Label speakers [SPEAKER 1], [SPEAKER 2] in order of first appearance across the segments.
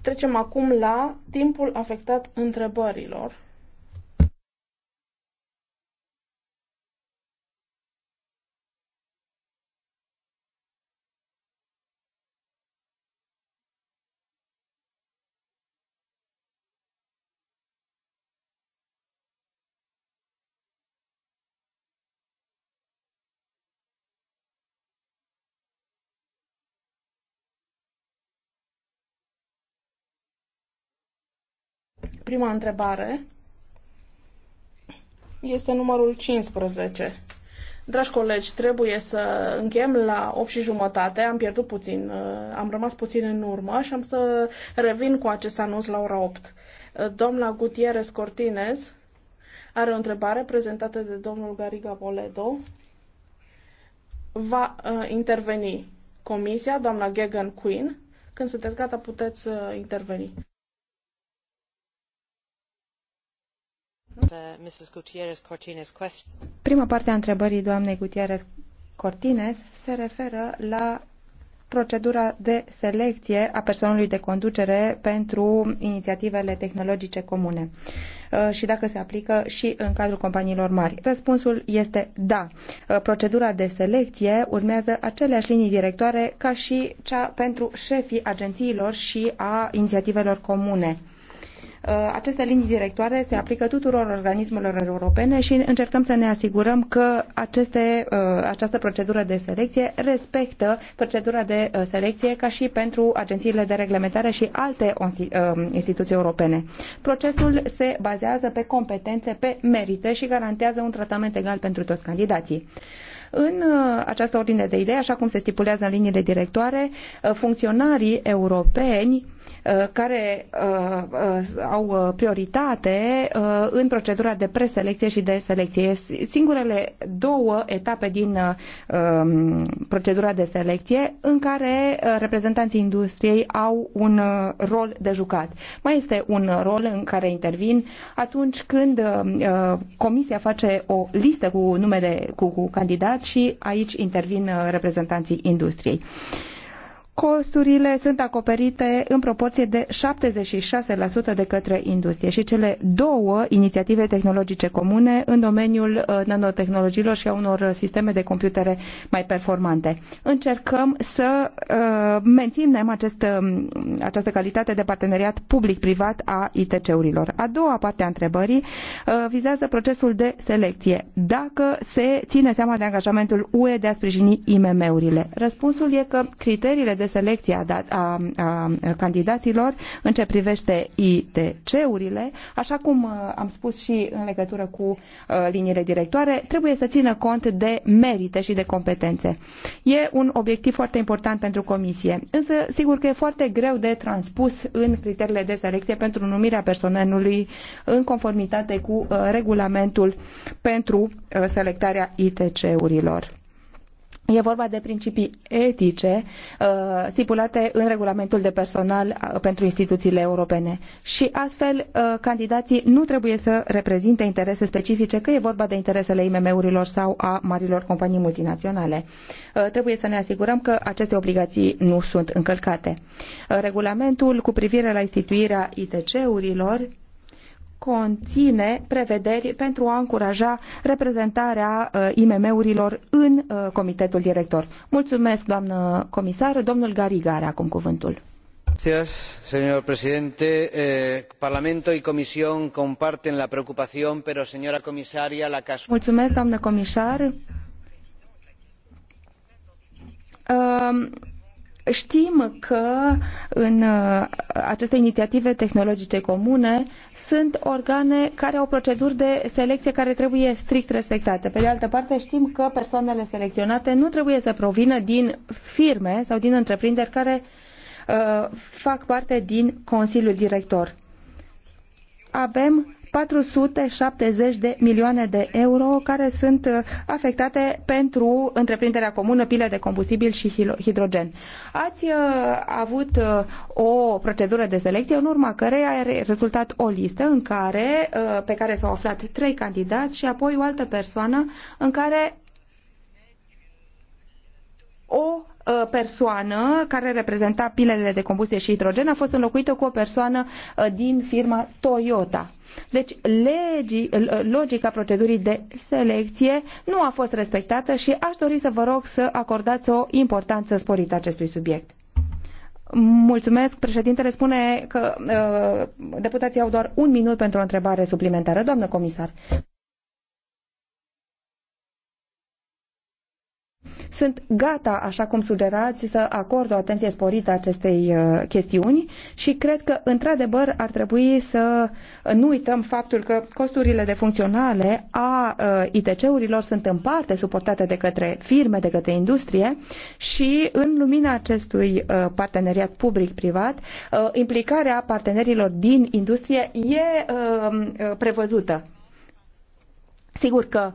[SPEAKER 1] Trecem acum la timpul afectat întrebărilor. Prima întrebare este numărul 15. Dragi colegi, trebuie să încheiem la 8 și jumătate. Am pierdut puțin, uh, am rămas puțin în urmă și am să revin cu acest anunț la ora 8. Uh, doamna Gutierrez Cortinez are o întrebare prezentată de domnul Gariga Boledo. Va uh, interveni comisia, doamna Gegan Queen. Când sunteți gata, puteți uh, interveni. Uh,
[SPEAKER 2] Prima parte a întrebării doamnei Gutierrez Cortines se referă la procedura de selecție a personalului de conducere pentru inițiativele tehnologice comune uh, și dacă se aplică și în cadrul companiilor mari. Răspunsul este da. Uh, procedura de selecție urmează aceleași linii directoare ca și cea pentru șefii agențiilor și a inițiativelor comune Uh, aceste linii directoare se aplică tuturor organismelor europene și încercăm să ne asigurăm că aceste, uh, această procedură de selecție respectă procedura de uh, selecție ca și pentru agențiile de reglementare și alte instituții europene. Procesul se bazează pe competențe, pe merite și garantează un tratament egal pentru toți candidații. În această ordine de idei, așa cum se stipulează în liniile directoare, funcționarii europeni Uh, care uh, uh, au prioritate în procedura de preselecție și de selecție. Singurele două etape din um, procedura de selecție în care reprezentanții industriei au un rol de jucat. Mai este un rol în care intervin atunci când comisia face o listă cu numele cu, cu candidat și aici intervin reprezentanții industriei. Uh, costurile sunt acoperite în proporție de 76% de către industrie și cele două inițiative tehnologice comune în domeniul uh, nanotehnologiilor și a unor sisteme de computere mai performante. Încercăm să uh, menținem acest, um, această calitate de parteneriat public-privat a ITC-urilor. A doua parte a întrebării uh, vizează procesul de selecție. Dacă se ține seama de angajamentul UE de a sprijini IMM-urile? Răspunsul e că criteriile de selecție a, dat, a, a candidaților în ce privește ITC-urile, așa cum am spus și în legătură cu liniile directoare, trebuie să țină cont de merite și de competențe. E un obiectiv foarte important pentru comisie, însă sigur că e foarte greu de transpus în criteriile de selecție pentru numirea personalului în conformitate cu regulamentul pentru selectarea ITC-urilor. E vorba de principii etice uh, stipulate în regulamentul de personal uh, pentru instituțiile europene. Și astfel, uh, candidații nu trebuie să reprezinte interese specifice, că e vorba de interesele IMM-urilor sau a marilor companii multinaționale. Uh, trebuie să ne asigurăm că aceste obligații nu sunt încălcate. Uh, regulamentul cu privire la instituirea ITC-urilor conține prevederi pentru a încuraja reprezentarea uh, IMM-urilor în uh, comitetul director. Mulțumesc, doamnă comisar. Domnul Gariga are acum cuvântul.
[SPEAKER 1] Gracias, Señor presidente, eh, Parlamento y Comisión comparten la preocupación, pero señora comisaria, la casualidad.
[SPEAKER 2] Mulțumesc, doamnă comisar. Uh, Știm că în uh, aceste inițiative tehnologice comune sunt organe care au proceduri de selecție care trebuie strict respectate. Pe de altă parte, știm că persoanele selecționate nu trebuie să provină din firme sau din întreprinderi care uh, fac parte din Consiliul Director. Avem 470 de milioane de euro care sunt uh, afectate pentru întreprinderea comună, pile de combustibil și hidrogen. Ați uh, avut uh, o procedură de selecție în urma cărei a rezultat o listă în care, pe care s-au aflat trei candidați și apoi o altă persoană în care o Uh, persoană care reprezenta pilele de combustie și hidrogen a fost înlocuită cu o persoană uh, din firma Toyota. Deci legii, uh, logica procedurii de selecție nu a fost respectată și aș dori să vă rog să acordați o importanță sporită acestui subiect. Mulțumesc. Președintele spune că uh, deputații au doar un minut pentru o întrebare suplimentară. Doamnă comisar. Sunt gata, așa cum sugerați, să acord o atenție sporită acestei uh, chestiuni și cred că, într-adevăr, ar trebui să nu uităm faptul că costurile de funcționale a uh, ITC-urilor sunt în parte suportate de către firme, de către industrie și, în lumina acestui uh, parteneriat public-privat, implicarea partenerilor din industrie e prevăzută. Sigur că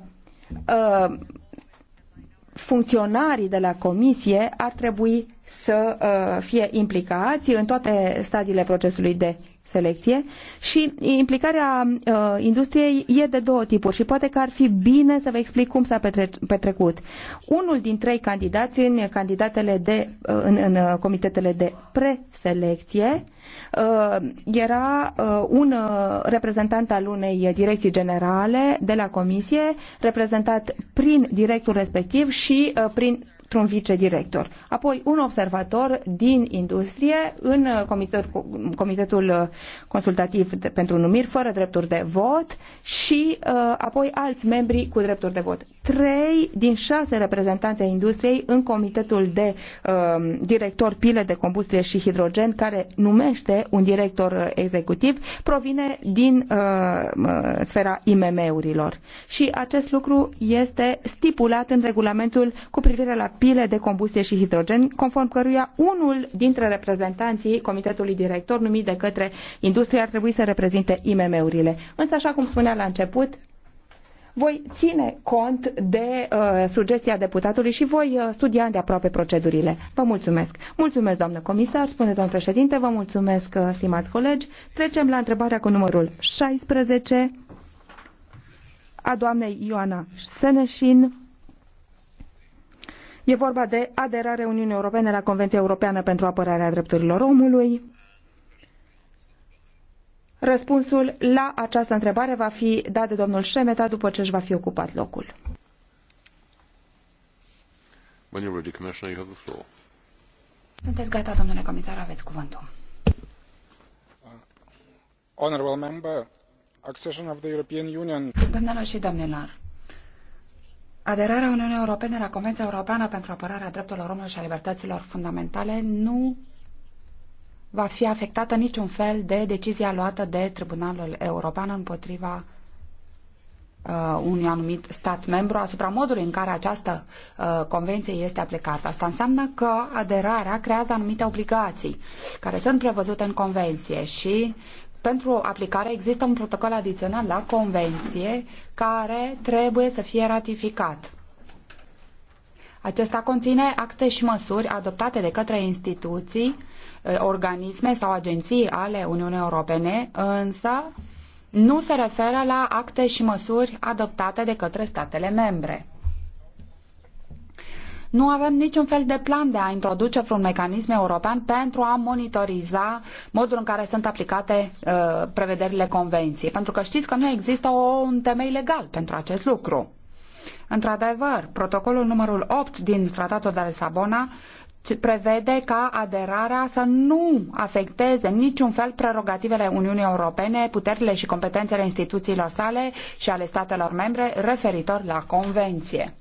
[SPEAKER 2] funcționarii de la comisie ar trebui să uh, fie implicați în toate stadiile procesului de selecție și implicarea uh, industriei e de două tipuri și poate că ar fi bine să vă explic cum s-a petre- petrecut. Unul din trei candidați în candidatele de, uh, în, în uh, comitetele de preselecție Uh, era uh, un uh, reprezentant al unei direcții generale de la comisie, reprezentat prin directul respectiv și prin printr un vicedirector. Apoi un observator din industrie în uh, Comitetul uh, Consultativ pentru Numiri fără drepturi de vot și uh, apoi alți membri cu drepturi de vot. Trei din șase reprezentanți ai industriei în Comitetul de uh, Director Pile de combustie și Hidrogen care numește un director executiv provine din uh, sfera IMM-urilor. Și acest lucru este stipulat în regulamentul cu privire la pile de combustie și hidrogen, conform căruia unul dintre reprezentanții comitetului director numit de către industrie ar trebui să reprezinte IMM-urile. Însă, așa cum spunea la început, voi ține cont de uh, sugestia deputatului și voi uh, studia de aproape procedurile. Vă mulțumesc. Mulțumesc, doamnă comisar, spune domnul președinte, vă mulțumesc, uh, stimați colegi. Trecem la întrebarea cu numărul 16 a doamnei Ioana Seneșin E vorba de aderarea Uniunii Europene la Convenția Europeană pentru apărarea drepturilor omului. Răspunsul la această întrebare va fi dat de domnul Șemeta după ce își va fi ocupat locul.
[SPEAKER 3] When you're ready, Commissioner, you have the floor. Sunteți gata, domnule comisar, aveți cuvântul.
[SPEAKER 1] Honorable member, accession of the European Union.
[SPEAKER 3] Domnilor și domnilor, Aderarea Uniunii Europene la Convenția Europeană pentru apărarea drepturilor omului și a libertăților fundamentale nu va fi afectată niciun fel de decizia luată de Tribunalul European împotriva uh, unui anumit stat membru asupra modului în care această uh, convenție este aplicată. Asta înseamnă că aderarea creează anumite obligații care sunt prevăzute în convenție și pentru aplicare există un protocol adițional la convenție care trebuie să fie ratificat. Acesta conține acte și măsuri adoptate de către instituții, eh, organisme sau agenții ale Uniunii Europene, însă nu se referă la acte și măsuri adoptate de către statele membre nu avem niciun fel de plan de a introduce vreun mecanism european pentru a monitoriza modul în care sunt aplicate uh, prevederile convenției. Pentru că știți că nu există o, un temei legal pentru acest lucru. Într-adevăr, protocolul numărul 8 din Tratatul de Lisabona prevede ca aderarea să nu afecteze niciun fel prerogativele Uniunii Europene, puterile și competențele instituțiilor sale și ale statelor membre referitor la convenție.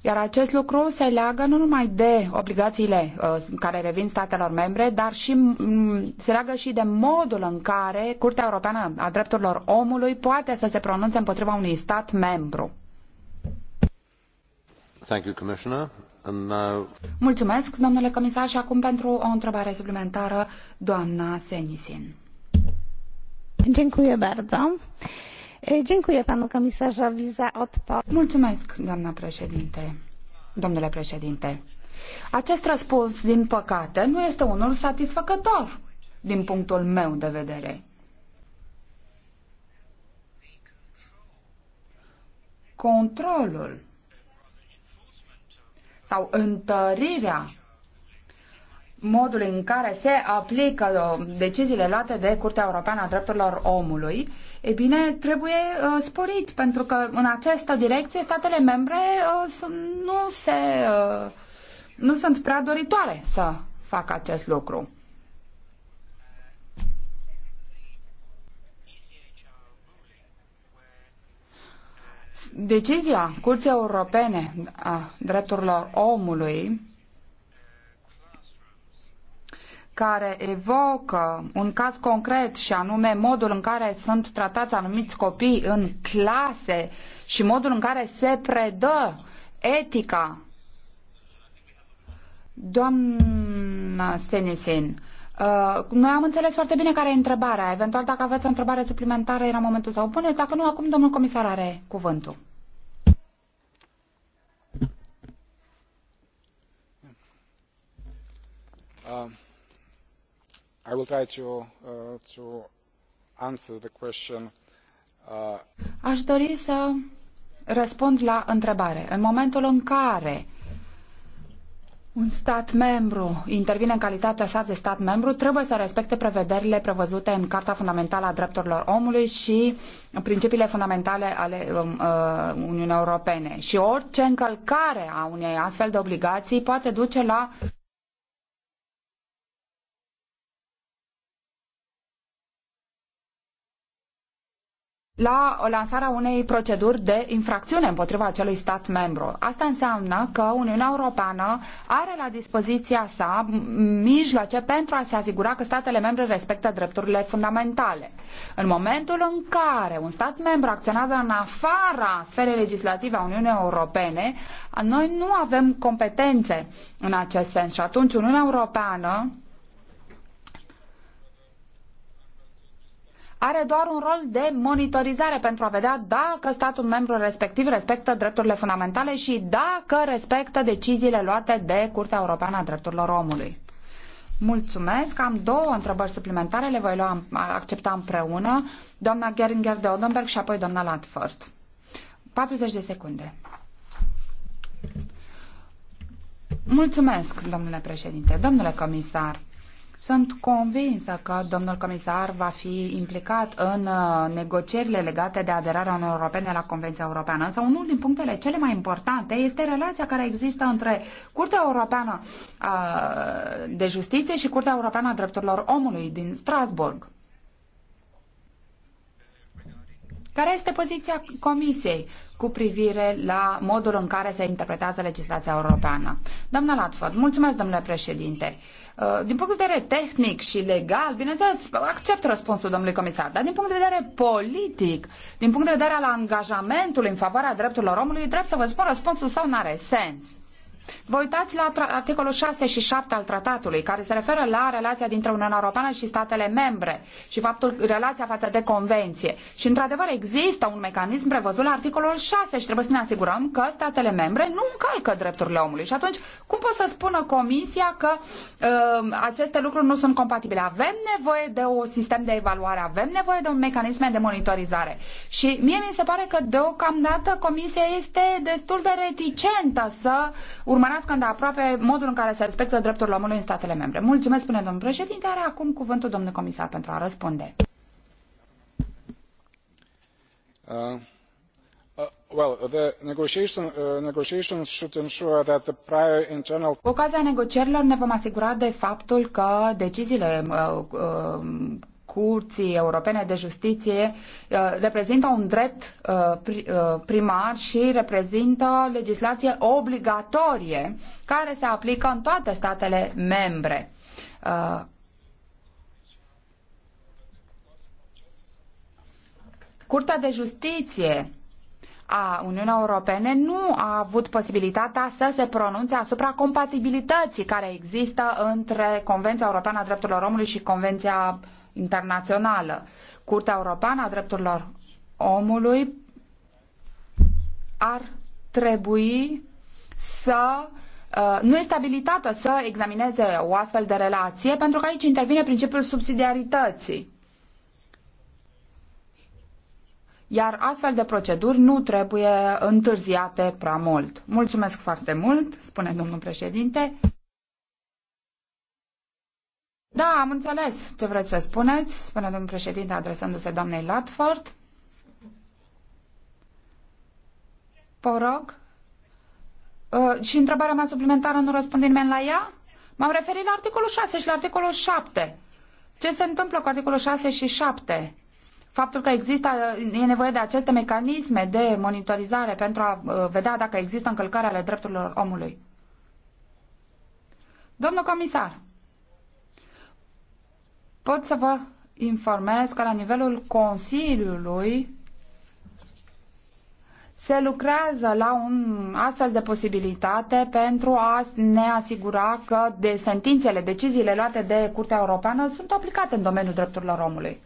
[SPEAKER 3] Iar acest lucru se leagă nu numai de obligațiile uh, care revin statelor membre, dar și se leagă și de modul în care Curtea Europeană a Drepturilor Omului poate să se pronunțe împotriva unui stat membru.
[SPEAKER 1] Thank you, Commissioner. And now...
[SPEAKER 3] Mulțumesc, domnule comisar, și acum pentru o întrebare suplimentară, doamna Senisin. Dziękuję bardzo. Dziękuję panu komisarzowi za odpowiedź. Mulțumesc, doamna președinte. Domnule președinte, acest răspuns, din păcate, nu este unul satisfăcător din punctul meu de vedere. Controlul sau întărirea modul în care se aplică uh, deciziile luate de Curtea Europeană a Drepturilor Omului, e bine, trebuie uh, sporit, pentru că în această direcție statele membre uh, nu, se, uh, nu sunt prea doritoare să facă acest lucru. Decizia Curții Europene a Drepturilor Omului care evocă un caz concret și anume modul în care sunt tratați anumiți copii în clase și modul în care se predă etica. Doamna Senisin, Uh, noi am înțeles foarte bine care e întrebarea. Eventual, dacă aveți o întrebare suplimentară, era momentul să o puneți. Dacă nu, acum domnul comisar are cuvântul.
[SPEAKER 2] Uh. I will try to, uh, to answer the question.
[SPEAKER 3] Uh... Aș dori să răspund la întrebare. În momentul în care un stat membru intervine în calitatea sa de stat membru, trebuie să respecte prevederile prevăzute în Carta Fundamentală a Drepturilor Omului și principiile fundamentale ale um, uh, Uniunii Europene. Și orice încălcare a unei astfel de obligații poate duce la la lansarea unei proceduri de infracțiune împotriva acelui stat membru. Asta înseamnă că Uniunea Europeană are la dispoziția sa mijloace pentru a se asigura că statele membre respectă drepturile fundamentale. În momentul în care un stat membru acționează în afara sferei legislative a Uniunii Europene, noi nu avem competențe în acest sens și atunci Uniunea Europeană are doar un rol de monitorizare pentru a vedea dacă statul membru respectiv respectă drepturile fundamentale și dacă respectă deciziile luate de Curtea Europeană a Drepturilor Omului. Mulțumesc. Am două întrebări suplimentare, le voi lua, accepta împreună. Doamna Geringer de Odenberg și apoi doamna Latford. 40 de secunde. Mulțumesc, domnule președinte. Domnule comisar, sunt convinsă că domnul comisar va fi implicat în uh, negocierile legate de aderarea Uniunii Europene la Convenția Europeană. Însă unul din punctele cele mai importante este relația care există între Curtea Europeană uh, de Justiție și Curtea Europeană a Drepturilor Omului din Strasburg. Care este poziția Comisiei cu privire la modul în care se interpretează legislația europeană? Doamna Latford, mulțumesc, domnule președinte. Uh, Uh, din punct de vedere tehnic și legal, bineînțeles, accept răspunsul domnului comisar, dar din punct de vedere politic, din punct de vedere al angajamentului în favoarea drepturilor omului, drept să vă spun, răspunsul său nu are sens. Vă uitați la articolul 6 și 7 al tratatului, care se referă la relația dintre Uniunea Europeană și statele membre și faptul relația față de convenție. Și într-adevăr există un mecanism prevăzut la articolul 6 și trebuie să ne asigurăm că statele membre nu încalcă drepturile omului. Și atunci, cum poate să spună Comisia că uh, aceste lucruri nu sunt compatibile? Avem nevoie de un sistem de evaluare, avem nevoie de un mecanism de monitorizare. Și mie mi se pare că deocamdată Comisia este destul de reticentă să urmărească urmărească îndeaproape modul în care se respectă drepturile omului în statele membre. Mulțumesc, spune domnul președinte, are acum cuvântul domnul comisar pentru a răspunde.
[SPEAKER 2] Uh. Cu uh, uh,
[SPEAKER 3] ocazia negocierilor ne vom asigura de faptul că deciziile uh, uh, Curții Europene de Justiție uh, reprezintă un drept uh, uh, primar și reprezintă legislație obligatorie care se aplică în toate statele membre. Curtea de Justiție a Uniunii Europene nu a avut posibilitatea să se pronunțe asupra compatibilității care există între Convenția Europeană a Drepturilor Omului și Convenția uh, internațională. Curtea Europeană a Drepturilor Omului ar trebui să uh, nu este abilitată să examineze o astfel de relație, pentru că aici intervine principiul subsidiarității. Iar astfel de proceduri nu trebuie întârziate prea mult. Mulțumesc foarte mult, spune domnul președinte. Da, am înțeles ce vreți să spuneți, spune domnul președinte adresându-se doamnei Latford. Porog. Uh, și întrebarea mea suplimentară nu răspunde nimeni la ea? M-am referit la articolul 6 și la articolul 7. Ce se întâmplă cu articolul 6 și 7? Faptul că există, e nevoie de aceste mecanisme de monitorizare pentru a uh, vedea dacă există încălcări ale drepturilor omului. Domnul comisar, pot să vă informez că la nivelul Consiliului se lucrează la un astfel de posibilitate pentru a ne asigura că de sentințele, deciziile luate de Curtea Europeană sunt aplicate în domeniul drepturilor omului.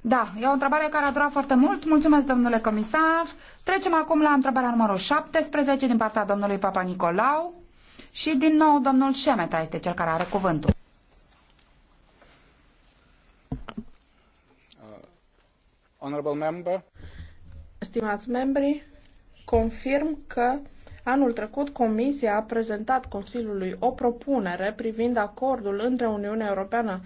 [SPEAKER 3] Da, e o întrebare care a durat foarte mult. Mulțumesc, domnule comisar. Trecem acum la întrebarea numărul 17 din partea domnului Papa Nicolau. Și din nou, domnul Șemeta este cel care are cuvântul.
[SPEAKER 2] Uh, honorable
[SPEAKER 1] Stimați membri, confirm că anul trecut Comisia a prezentat Consiliului o propunere privind acordul între Uniunea Europeană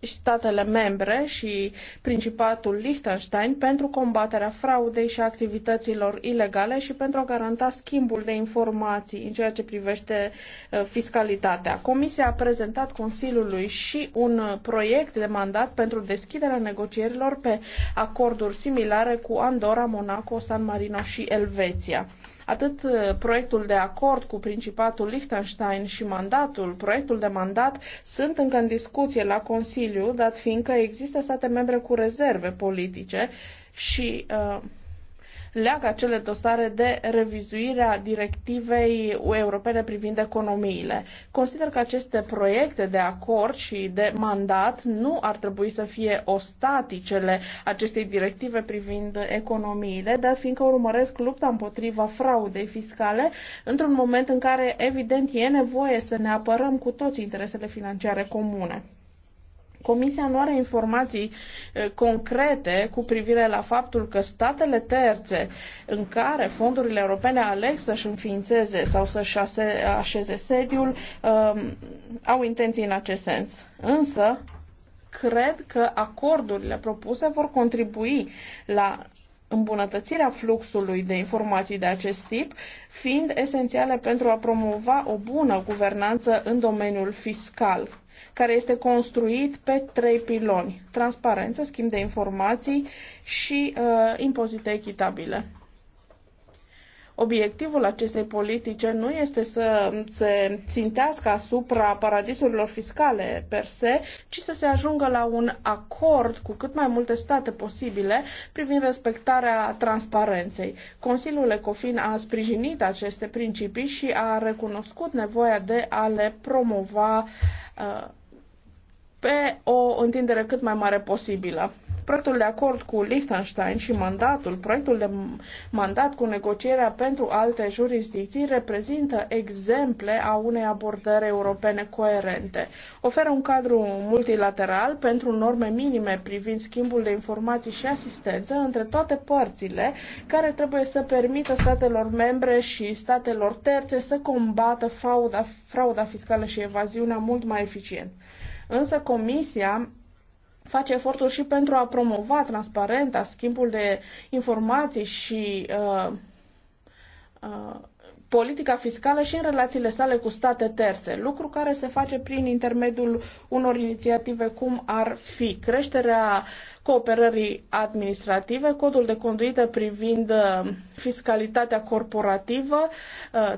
[SPEAKER 1] statele membre și Principatul Liechtenstein pentru combaterea fraudei și activităților ilegale și pentru a garanta schimbul de informații în ceea ce privește uh, fiscalitatea. Comisia a prezentat Consiliului și un proiect de mandat pentru deschiderea negocierilor pe acorduri similare cu Andorra, Monaco, San Marino și Elveția. Atât uh, proiectul de acord cu Principatul Liechtenstein și mandatul, proiectul de mandat, sunt încă în discuție la Consiliu, dat fiindcă există state membre cu rezerve politice și uh, leagă acele dosare de revizuirea directivei europene privind economiile. Consider că aceste proiecte de acord și de mandat nu ar trebui să fie ostaticele acestei directive privind economiile, dar fiindcă urmăresc lupta împotriva fraudei fiscale într-un moment în care, evident, e nevoie să ne apărăm cu toți interesele financiare comune. Comisia nu are informații concrete cu privire la faptul că statele terțe în care fondurile europene aleg să-și înființeze sau să-și așeze sediul um, au intenții în acest sens. Însă, cred că acordurile propuse vor contribui la îmbunătățirea fluxului de informații de acest tip, fiind esențiale pentru a promova o bună guvernanță în domeniul fiscal care este construit pe trei piloni. Transparență, schimb de informații și uh, impozite echitabile. Obiectivul acestei politice nu este să se țintească asupra paradisurilor fiscale per se, ci să se ajungă la un acord cu cât mai multe state posibile privind respectarea transparenței. Consiliul Ecofin a sprijinit aceste principii și a recunoscut nevoia de a le promova uh, pe o întindere cât mai mare posibilă. Proiectul de acord cu Liechtenstein și mandatul, proiectul de mandat cu negocierea pentru alte jurisdicții reprezintă exemple a unei abordări europene coerente. Oferă un cadru multilateral pentru norme minime privind schimbul de informații și asistență între toate părțile care trebuie să permită statelor membre și statelor terțe să combată frauda, frauda fiscală și evaziunea mult mai eficient. Însă Comisia face eforturi și pentru a promova transparenta, schimbul de informații și uh, uh, politica fiscală și în relațiile sale cu state terțe, lucru care se face prin intermediul unor inițiative cum ar fi creșterea cooperării administrative, codul de conduită privind uh, fiscalitatea corporativă, uh,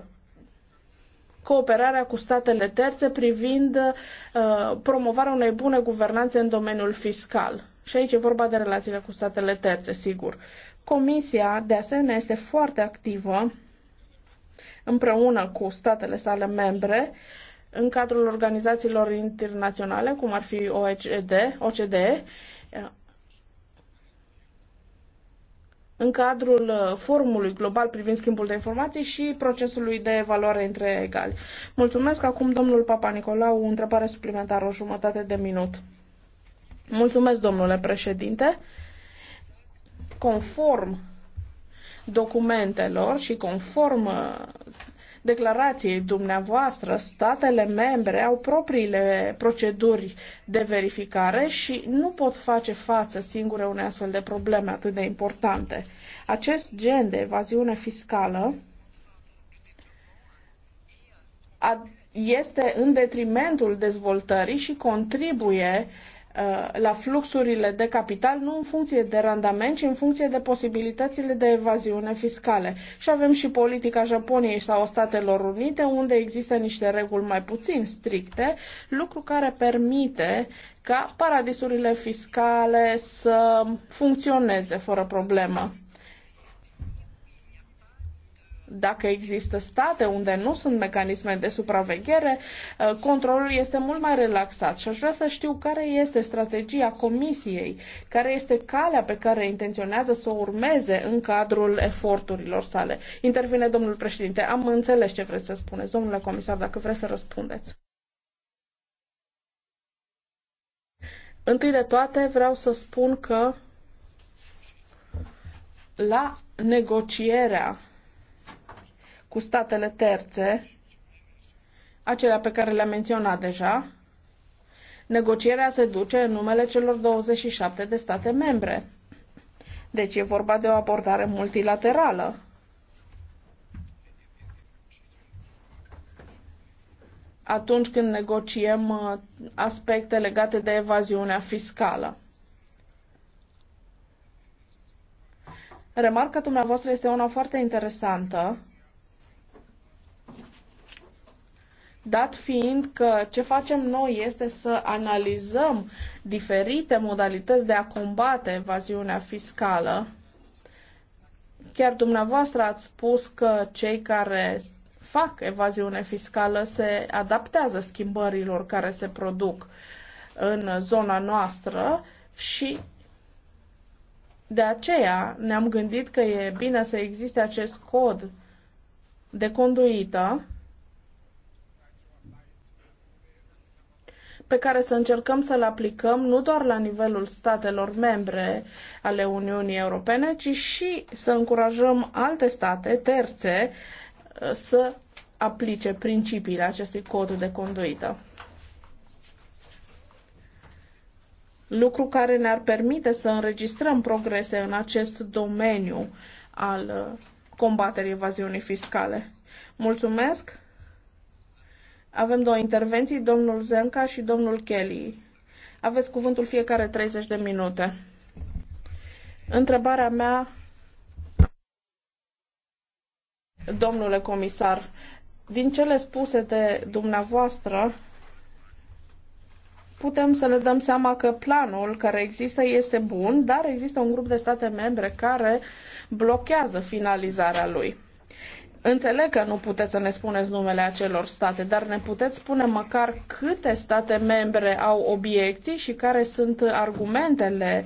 [SPEAKER 1] cooperarea cu statele terțe privind uh, promovarea unei bune guvernanțe în domeniul fiscal. Și aici e vorba de relațiile cu statele terțe, sigur. Comisia, de asemenea, este foarte activă împreună cu statele sale membre în cadrul organizațiilor internaționale, cum ar fi OECD, OCDE, în cadrul uh, forumului global privind schimbul de informații și procesului de evaluare între egali. Mulțumesc acum domnul Papa Nicolau, o întrebare suplimentară, o jumătate de minut. Mulțumesc, domnule președinte. Conform documentelor și conform uh, declarației dumneavoastră, statele membre au propriile proceduri de verificare și nu pot face față singure unei astfel de probleme atât de importante. Acest gen de evaziune fiscală este în detrimentul dezvoltării și contribuie Uh, la fluxurile de capital, nu în funcție de randament, ci în funcție de posibilitățile de evaziune fiscale. Și avem și politica Japoniei sau Statelor Unite, unde există niște reguli mai puțin stricte, lucru care permite ca paradisurile fiscale să funcționeze fără problemă. Dacă există state unde nu sunt mecanisme de supraveghere, uh, controlul este mult mai relaxat și aș vrea să știu care este strategia Comisiei, care este calea pe care intenționează să o urmeze în cadrul eforturilor sale. Intervine domnul președinte. Am înțeles ce vreți să spuneți, domnule comisar, dacă vreți să răspundeți. Întâi de toate vreau să spun că la negocierea cu statele terțe, acelea pe care le-am menționat deja, negocierea se duce în numele celor 27 de state membre. Deci e vorba de o abordare multilaterală. Atunci când negociem uh, aspecte legate de evaziunea fiscală. Remarca dumneavoastră este una foarte interesantă dat fiind că ce facem noi este să analizăm diferite modalități de a combate evaziunea fiscală. Chiar dumneavoastră ați spus că cei care fac evaziune fiscală se adaptează schimbărilor care se produc în zona noastră și de aceea ne-am gândit că e bine să existe acest cod de conduită pe care să încercăm să-l aplicăm nu doar la nivelul statelor membre ale Uniunii Europene, ci și să încurajăm alte state terțe uh, să aplice principiile acestui cod de conduită. Lucru care ne-ar permite să înregistrăm progrese în acest domeniu al uh, combaterii evaziunii fiscale. Mulțumesc! Avem două intervenții, domnul Zenca și domnul Kelly. Aveți cuvântul fiecare 30 de minute. Întrebarea mea, domnule comisar, din cele spuse de dumneavoastră, putem să ne dăm seama că planul care există este bun, dar există un grup de state membre care blochează finalizarea lui. Înțeleg că nu puteți să ne spuneți numele acelor state, dar ne puteți spune măcar câte state membre au obiecții și care sunt argumentele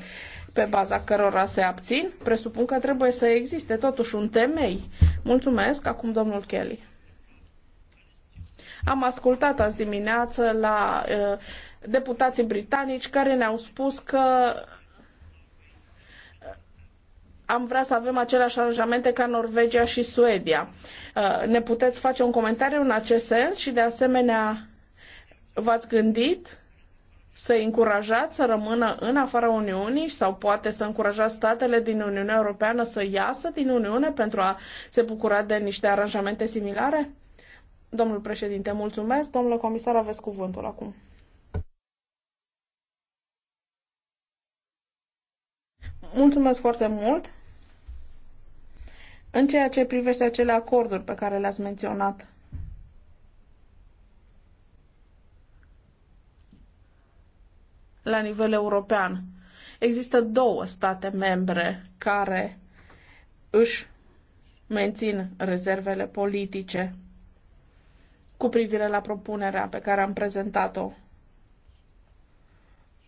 [SPEAKER 1] pe baza cărora se abțin? Presupun că trebuie să existe totuși un temei. Mulțumesc. Acum domnul Kelly. Am ascultat azi dimineață la uh, deputații britanici care ne-au spus că am vrea să avem aceleași aranjamente ca Norvegia și Suedia. Uh, ne puteți face un comentariu în acest sens și de asemenea v-ați gândit să încurajați să rămână în afara Uniunii sau poate să încurajați statele din Uniunea Europeană să iasă din Uniune pentru a se bucura de niște aranjamente similare? Domnul președinte, mulțumesc. Domnule comisar, aveți cuvântul acum. Mulțumesc foarte mult. În ceea ce privește acele acorduri pe care le-ați menționat, la nivel european, există două state membre care își mențin rezervele politice cu privire la propunerea pe care am prezentat-o.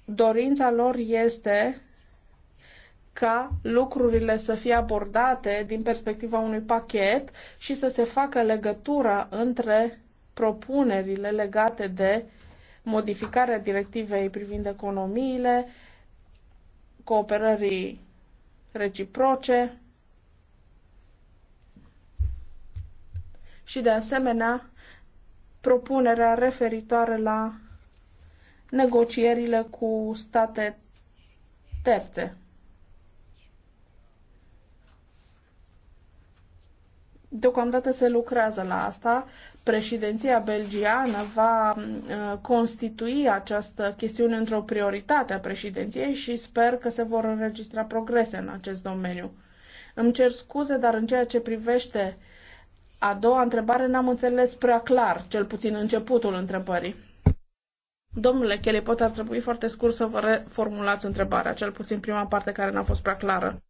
[SPEAKER 1] Dorința lor este ca lucrurile să fie abordate din perspectiva unui pachet și să se facă legătura între propunerile legate de modificarea directivei privind economiile, cooperării reciproce și, de asemenea, propunerea referitoare la negocierile cu state terțe. Deocamdată se lucrează la asta. Președinția belgiană va uh, constitui această chestiune într-o prioritate a președinției și sper că se vor înregistra progrese în acest domeniu. Îmi cer scuze, dar în ceea ce privește a doua întrebare n-am înțeles prea clar, cel puțin începutul întrebării. Domnule Kelly, pot ar trebui foarte scurt să vă reformulați întrebarea, cel puțin prima parte care n-a fost prea clară.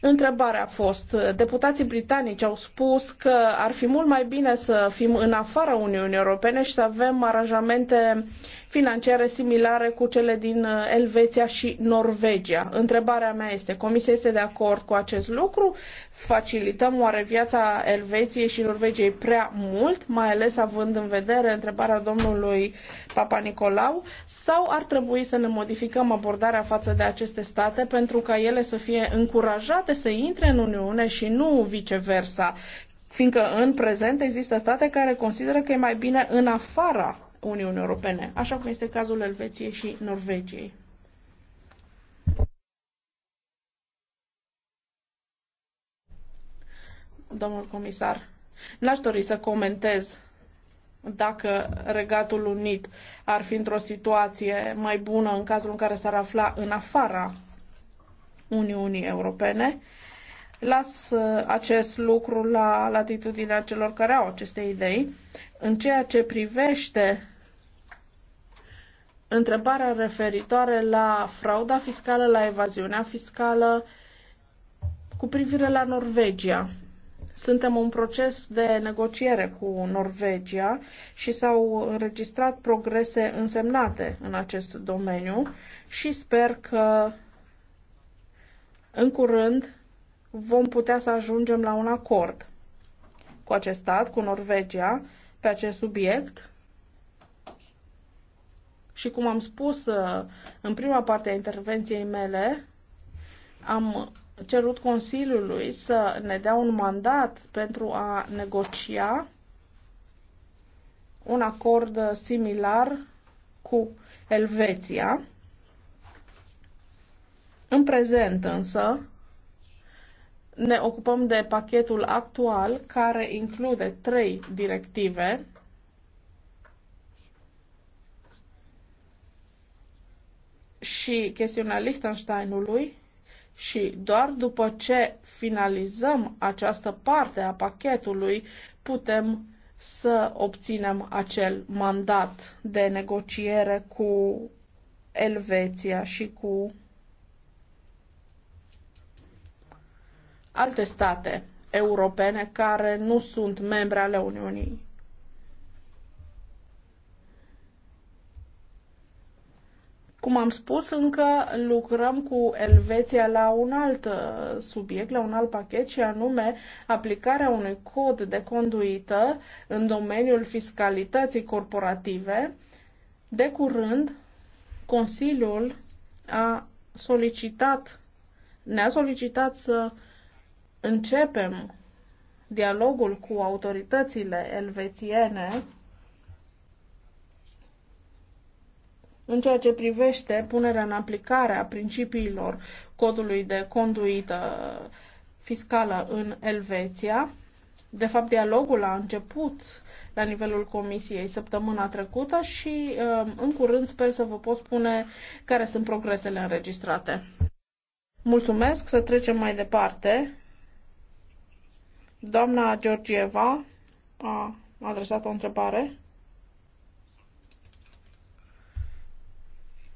[SPEAKER 1] Întrebarea a fost, deputații britanici au spus că ar fi mult mai bine să fim în afara Uniunii Europene și să avem aranjamente financiare similare cu cele din uh, Elveția și Norvegia. Întrebarea mea este, Comisia este de acord cu acest lucru? Facilităm oare viața Elveției și Norvegiei prea mult, mai ales având în vedere întrebarea domnului Papa Nicolau, sau ar trebui să ne modificăm abordarea față de aceste state pentru ca ele să fie încurajate să intre în Uniune și nu viceversa, fiindcă în prezent există state care consideră că e mai bine în afara Uniunii Europene, așa cum este cazul Elveției și Norvegiei. Domnul comisar, n-aș dori să comentez dacă Regatul Unit ar fi într-o situație mai bună în cazul în care s-ar afla în afara Uniunii Europene. Las uh, acest lucru la latitudinea celor care au aceste idei. În ceea ce privește întrebarea referitoare la frauda fiscală, la evaziunea fiscală, cu privire la Norvegia, suntem în proces de negociere cu Norvegia și s-au înregistrat progrese însemnate în acest domeniu și sper că în curând vom putea să ajungem la un acord cu acest stat, cu Norvegia, pe acest subiect. Și cum am spus uh, în prima parte a intervenției mele, am cerut Consiliului să ne dea un mandat pentru a negocia un acord similar cu Elveția. În prezent însă, ne ocupăm de pachetul actual care include trei directive. și chestiunea Liechtensteinului și doar după ce finalizăm această parte a pachetului putem să obținem acel mandat de negociere cu Elveția și cu alte state europene care nu sunt membre ale Uniunii. Cum am spus, încă lucrăm cu Elveția la un alt uh, subiect, la un alt pachet, și anume aplicarea unui cod de conduită în domeniul fiscalității corporative. De curând, Consiliul a solicitat, ne-a solicitat să începem dialogul cu autoritățile elvețiene în ceea ce privește punerea în aplicare a principiilor codului de conduită fiscală în Elveția. De fapt, dialogul a început la nivelul comisiei săptămâna trecută și um, în curând sper să vă pot spune care sunt progresele înregistrate. Mulțumesc, să trecem mai departe Doamna Georgieva a adresat o întrebare.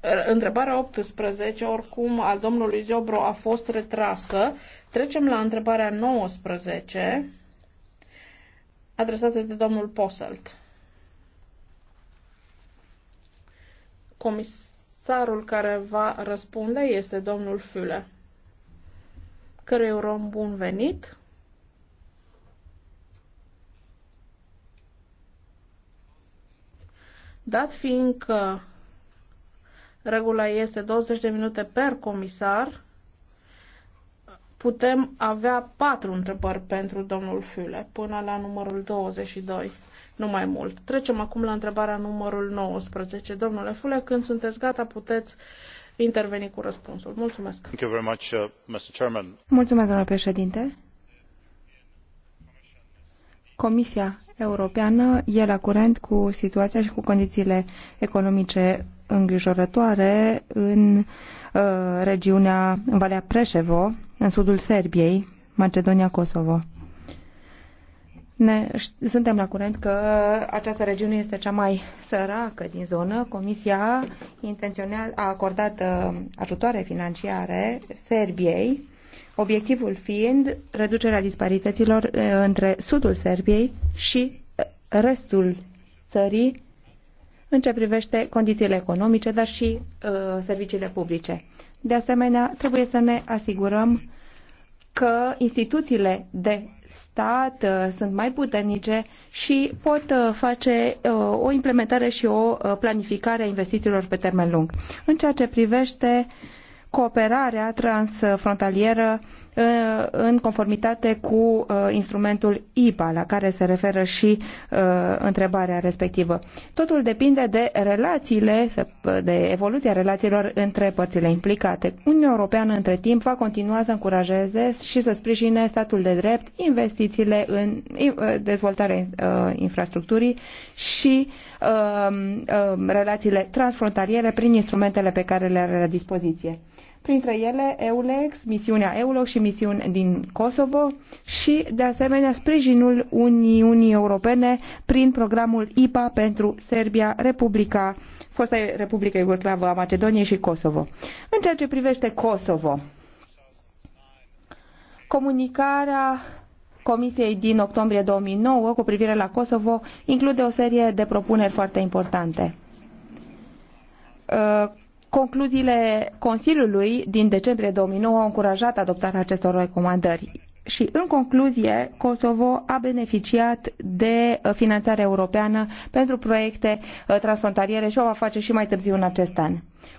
[SPEAKER 1] Er, întrebarea 18, oricum, al domnului Ziobro a fost retrasă. Trecem la întrebarea 19, adresată de domnul Poselt. Comisarul care va răspunde este domnul Füle, căruia urăm bun venit. Dat fiind că regula este 20 de minute per comisar, putem avea patru întrebări pentru domnul Fiule, până la numărul 22, nu mai mult. Trecem acum la întrebarea numărul 19. Domnule Fiule, când sunteți gata, puteți interveni cu răspunsul. Mulțumesc.
[SPEAKER 2] Thank you very much, uh,
[SPEAKER 3] Mr. Chairman.
[SPEAKER 1] Mulțumesc, domnule președinte.
[SPEAKER 2] Comisia Europeană e la curent cu situația și cu condițiile economice îngrijorătoare în uh, regiunea, în Valea Preșevo, în sudul Serbiei, Macedonia-Kosovo. Ne, suntem la curent că această regiune este cea mai săracă din zonă. Comisia intențional a acordat uh, ajutoare financiare Serbiei obiectivul fiind reducerea disparităților eh, între sudul Serbiei și eh, restul țării în ce privește condițiile economice, dar și uh, serviciile publice. De asemenea, trebuie să ne asigurăm că instituțiile de stat uh, sunt mai puternice și pot uh, face uh, o implementare și o uh, planificare a investițiilor pe termen lung. În ceea ce privește uh, cooperarea transfrontalieră uh, în conformitate cu uh, instrumentul IPA, la care se referă și uh, întrebarea respectivă. Totul depinde de relațiile, de evoluția relațiilor între părțile implicate. Uniunea Europeană, între timp, va continua să încurajeze și să sprijine statul de drept, investițiile în dezvoltarea infrastructurii și relațiile transfrontaliere prin instrumentele pe care le are la dispoziție printre ele EULEX, misiunea EULO și misiuni din Kosovo și, de asemenea, sprijinul Uniunii Europene prin programul IPA pentru Serbia, Republica, fosta Republica Iugoslavă a Macedoniei și Kosovo. În ceea ce privește Kosovo, comunicarea Comisiei din octombrie 2009 cu privire la Kosovo include o serie de propuneri foarte importante uh, Concluziile Consiliului din decembrie 2009 au încurajat adoptarea acestor recomandări. Și în concluzie, Kosovo a beneficiat de finanțare europeană pentru proiecte uh, transfrontaliere și o va face și mai târziu în acest an.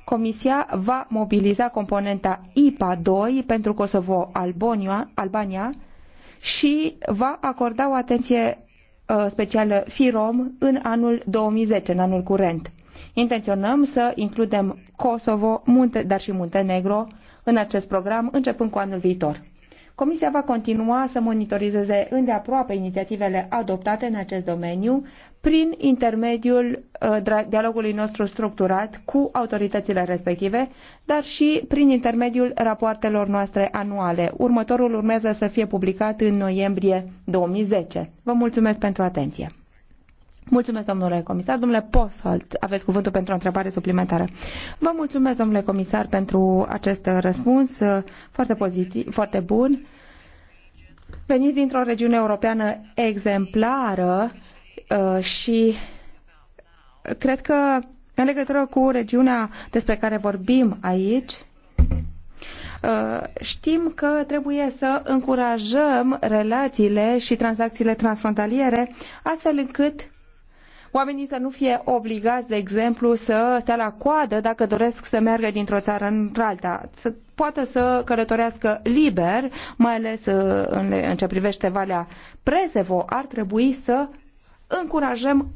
[SPEAKER 2] Comisia va mobiliza componenta IPA 2 pentru Kosovo Albania, Albania și va acorda o atenție uh, specială FIROM în anul 2010, în anul curent. Intenționăm să includem Kosovo, Munte, dar și Muntenegro în acest program începând cu anul viitor. Comisia va continua să monitorizeze îndeaproape inițiativele adoptate în acest domeniu prin intermediul uh, dialogului nostru structurat cu autoritățile respective, dar și prin intermediul rapoartelor noastre anuale. Următorul urmează să fie publicat în noiembrie 2010. Vă mulțumesc pentru atenție! Mulțumesc, domnule comisar. Domnule Posalt, aveți cuvântul pentru o întrebare suplimentară. Vă mulțumesc, domnule comisar, pentru acest răspuns uh, foarte pozitiv, foarte bun. Veniți dintr-o regiune europeană exemplară uh, și cred că în legătură cu regiunea despre care vorbim aici, uh, știm că trebuie să încurajăm relațiile și tranzacțiile transfrontaliere astfel încât oamenii să nu fie obligați, de exemplu, să stea la coadă dacă doresc să meargă dintr-o țară în alta, să poată să călătorească liber, mai ales uh, în, în ce privește Valea Prezevo, ar trebui să încurajăm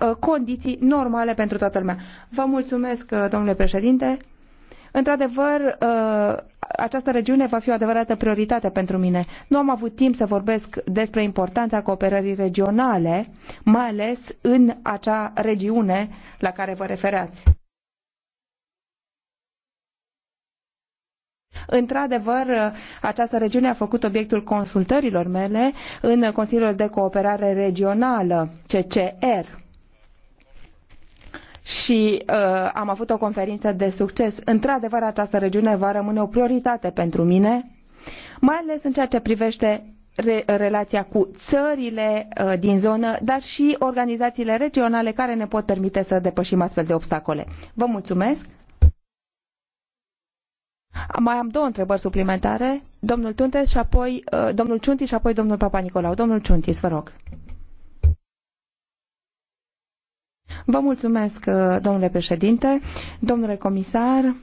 [SPEAKER 2] uh, condiții normale pentru toată lumea. Vă mulțumesc, uh, domnule președinte. Într-adevăr, uh, această regiune va fi o adevărată prioritate pentru mine. Nu am avut timp să vorbesc despre importanța cooperării regionale, mai ales în acea regiune la care vă referați. Într-adevăr, această regiune a făcut obiectul consultărilor mele în Consiliul de Cooperare Regională, CCR și uh, am avut o conferință de succes. Într-adevăr, această regiune va rămâne o prioritate pentru mine, mai ales în ceea ce privește re- relația cu țările uh, din zonă, dar și organizațiile regionale care ne pot permite să depășim astfel de obstacole. Vă mulțumesc! Mai am două întrebări suplimentare, domnul Tuntes și apoi, uh, domnul Ciunti și apoi domnul Papa Nicolau. Domnul Ciunti, vă rog. Vă mulțumesc, uh, domnule președinte, domnule comisar.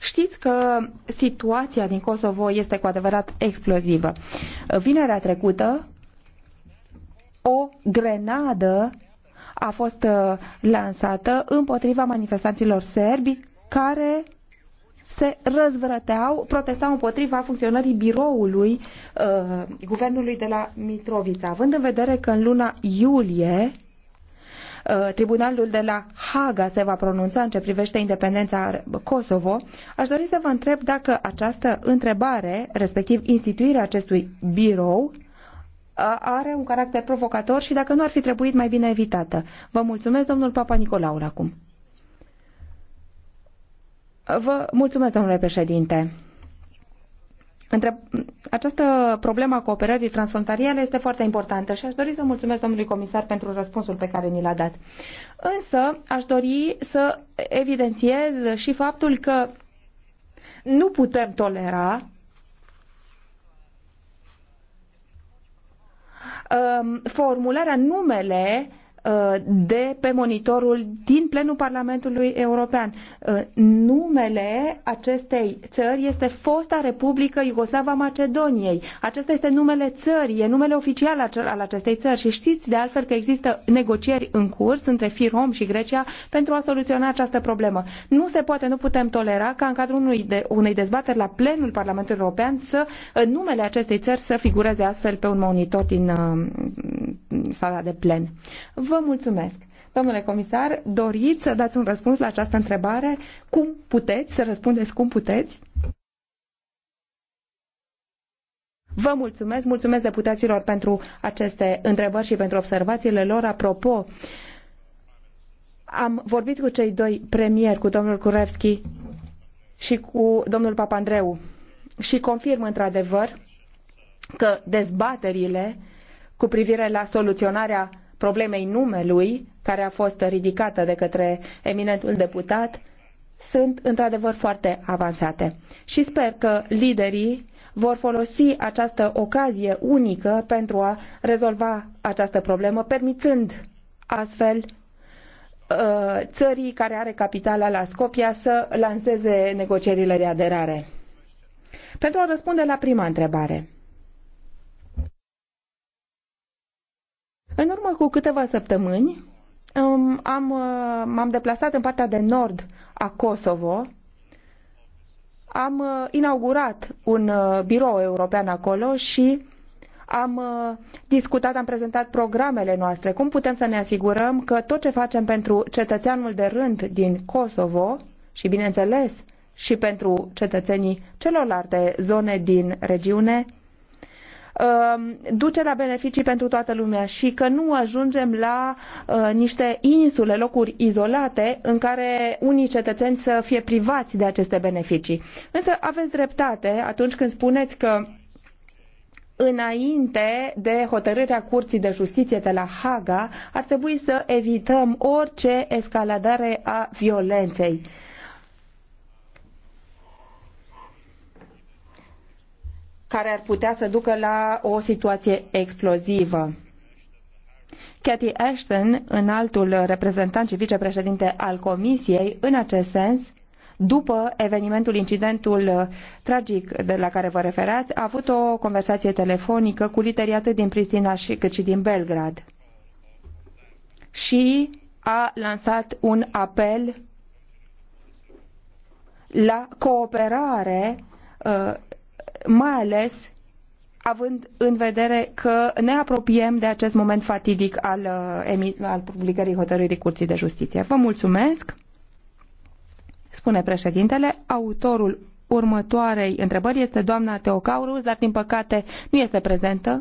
[SPEAKER 2] Știți că situația din Kosovo este cu adevărat explozivă. Vinerea trecută, o grenadă a fost uh, lansată împotriva manifestanților serbi care se răzvrăteau, protestau împotriva funcționării biroului uh, guvernului de la Mitrovița, având în vedere că în luna iulie Uh, tribunalul de la Haga se va pronunța în ce privește independența Kosovo, aș dori să vă întreb dacă această întrebare, respectiv instituirea acestui birou, uh, are un caracter provocator și dacă nu ar fi trebuit mai bine evitată. Vă mulțumesc, domnul Papa Nicolau acum. Uh, vă mulțumesc, domnule președinte. Între... Această problemă a cooperării transfrontaliere este foarte importantă și aș dori să mulțumesc domnului comisar pentru răspunsul pe care ni l-a dat. Însă aș dori să evidențiez și faptul că nu putem tolera um, formularea numele Uh, de pe monitorul din plenul Parlamentului European. Uh, numele acestei țări este fosta Republică Iugoslava Macedoniei. Acesta este numele țării, e numele oficial al acestei țări și știți de altfel că există negocieri în curs între FIROM și Grecia pentru a soluționa această problemă. Nu se poate, nu putem tolera ca în cadrul unui de, unei dezbateri la plenul Parlamentului European să uh, numele acestei țări să figureze astfel pe un monitor din uh, sala de plen. Vă mulțumesc! Domnule comisar, doriți să dați un răspuns la această întrebare? Cum puteți să răspundeți cum puteți? Vă mulțumesc, mulțumesc deputaților pentru aceste întrebări și pentru observațiile lor. Apropo, am vorbit cu cei doi premieri, cu domnul Kurevski și cu domnul Papandreu și confirm într-adevăr că dezbaterile cu privire la soluționarea problemei numelui, care a fost ridicată de către eminentul deputat, sunt într-adevăr foarte avansate. Și sper că liderii vor folosi această ocazie unică pentru a rezolva această problemă, permițând astfel uh, țării care are capitala la Scopia să lanseze negocierile de aderare. Pentru a răspunde la prima întrebare, În urmă cu câteva săptămâni um, am, uh, m-am deplasat în partea de nord a Kosovo. Am uh, inaugurat un uh, birou european acolo și am discutat, am prezentat programele noastre. Cum putem să ne asigurăm că tot ce facem pentru cetățeanul de rând din Kosovo și, bineînțeles, și pentru cetățenii celorlalte zone din regiune Um, duce la beneficii pentru toată lumea și că nu ajungem la uh, niște insule, locuri izolate în care unii cetățeni să fie privați de aceste beneficii. Însă aveți dreptate atunci când spuneți că înainte de hotărârea Curții de Justiție de la Haga, ar trebui să evităm orice escaladare a violenței. care ar putea să ducă la o situație explozivă. Cathy Ashton, altul reprezentant și vicepreședinte al Comisiei, în acest sens, după evenimentul, incidentul tragic de la care vă referați, a avut o conversație telefonică cu lideri atât din Pristina și, cât și din Belgrad. Și a lansat un apel la cooperare uh, mai ales având în vedere că ne apropiem de acest moment fatidic al, uh, al publicării hotărârii Curții de Justiție. Vă mulțumesc, spune președintele, autorul următoarei întrebări este doamna Teocaurus, dar din păcate nu este prezentă.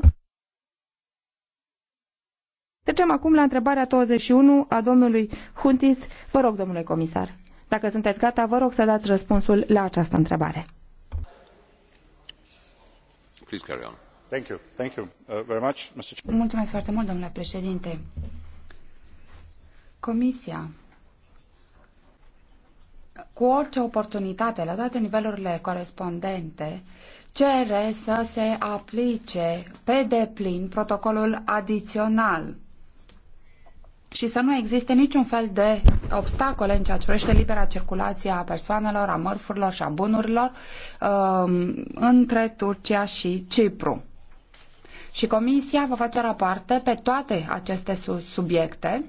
[SPEAKER 2] Trecem acum la întrebarea 21 a domnului Huntis. Vă rog, domnule comisar, dacă sunteți gata, vă rog să dați răspunsul la această întrebare
[SPEAKER 1] foarte
[SPEAKER 3] mult, Comisia cu orice oportunitate la toate nivelurile corespondente cere să se aplice pe deplin protocolul adițional și să nu existe niciun fel de obstacole în ceea ce privește libera circulație a persoanelor, a mărfurilor și a bunurilor uh, între Turcia și Cipru. Și Comisia va face rapoarte pe toate aceste subiecte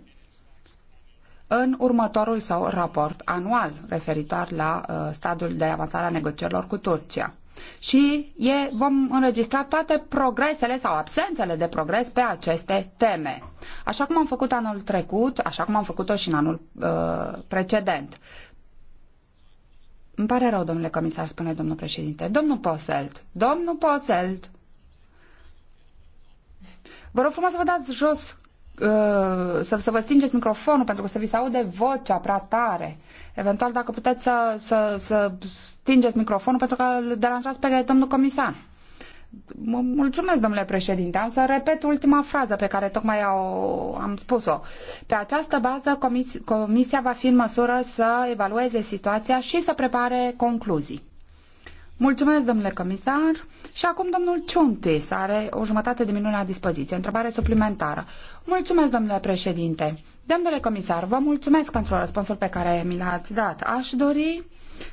[SPEAKER 3] în următorul său raport anual referitor la uh, stadiul de avansare a negocierilor cu Turcia și e, vom înregistra toate progresele sau absențele de progres pe aceste teme. Așa cum am făcut anul trecut, așa cum am făcut-o și în anul uh, precedent. Îmi pare rău, domnule comisar, spune domnul președinte. Domnul Poselt, domnul Poselt, vă rog frumos să vă dați jos uh, să, să vă stingeți microfonul pentru că să vi se aude vocea prea tare. Eventual, dacă puteți să, să, să stingeți microfonul pentru că îl deranjați pe domnul comisar. Mulțumesc, domnule președinte. Am să repet ultima frază pe care tocmai o, am spus-o. Pe această bază, comis, Comisia va fi în măsură să evalueze situația și să prepare concluzii. Mulțumesc, domnule comisar. Și acum domnul Ciuntis are o jumătate de minut la dispoziție. Întrebare suplimentară. Mulțumesc, domnule președinte. Domnule comisar, vă mulțumesc pentru răspunsul pe care mi l-ați dat. Aș dori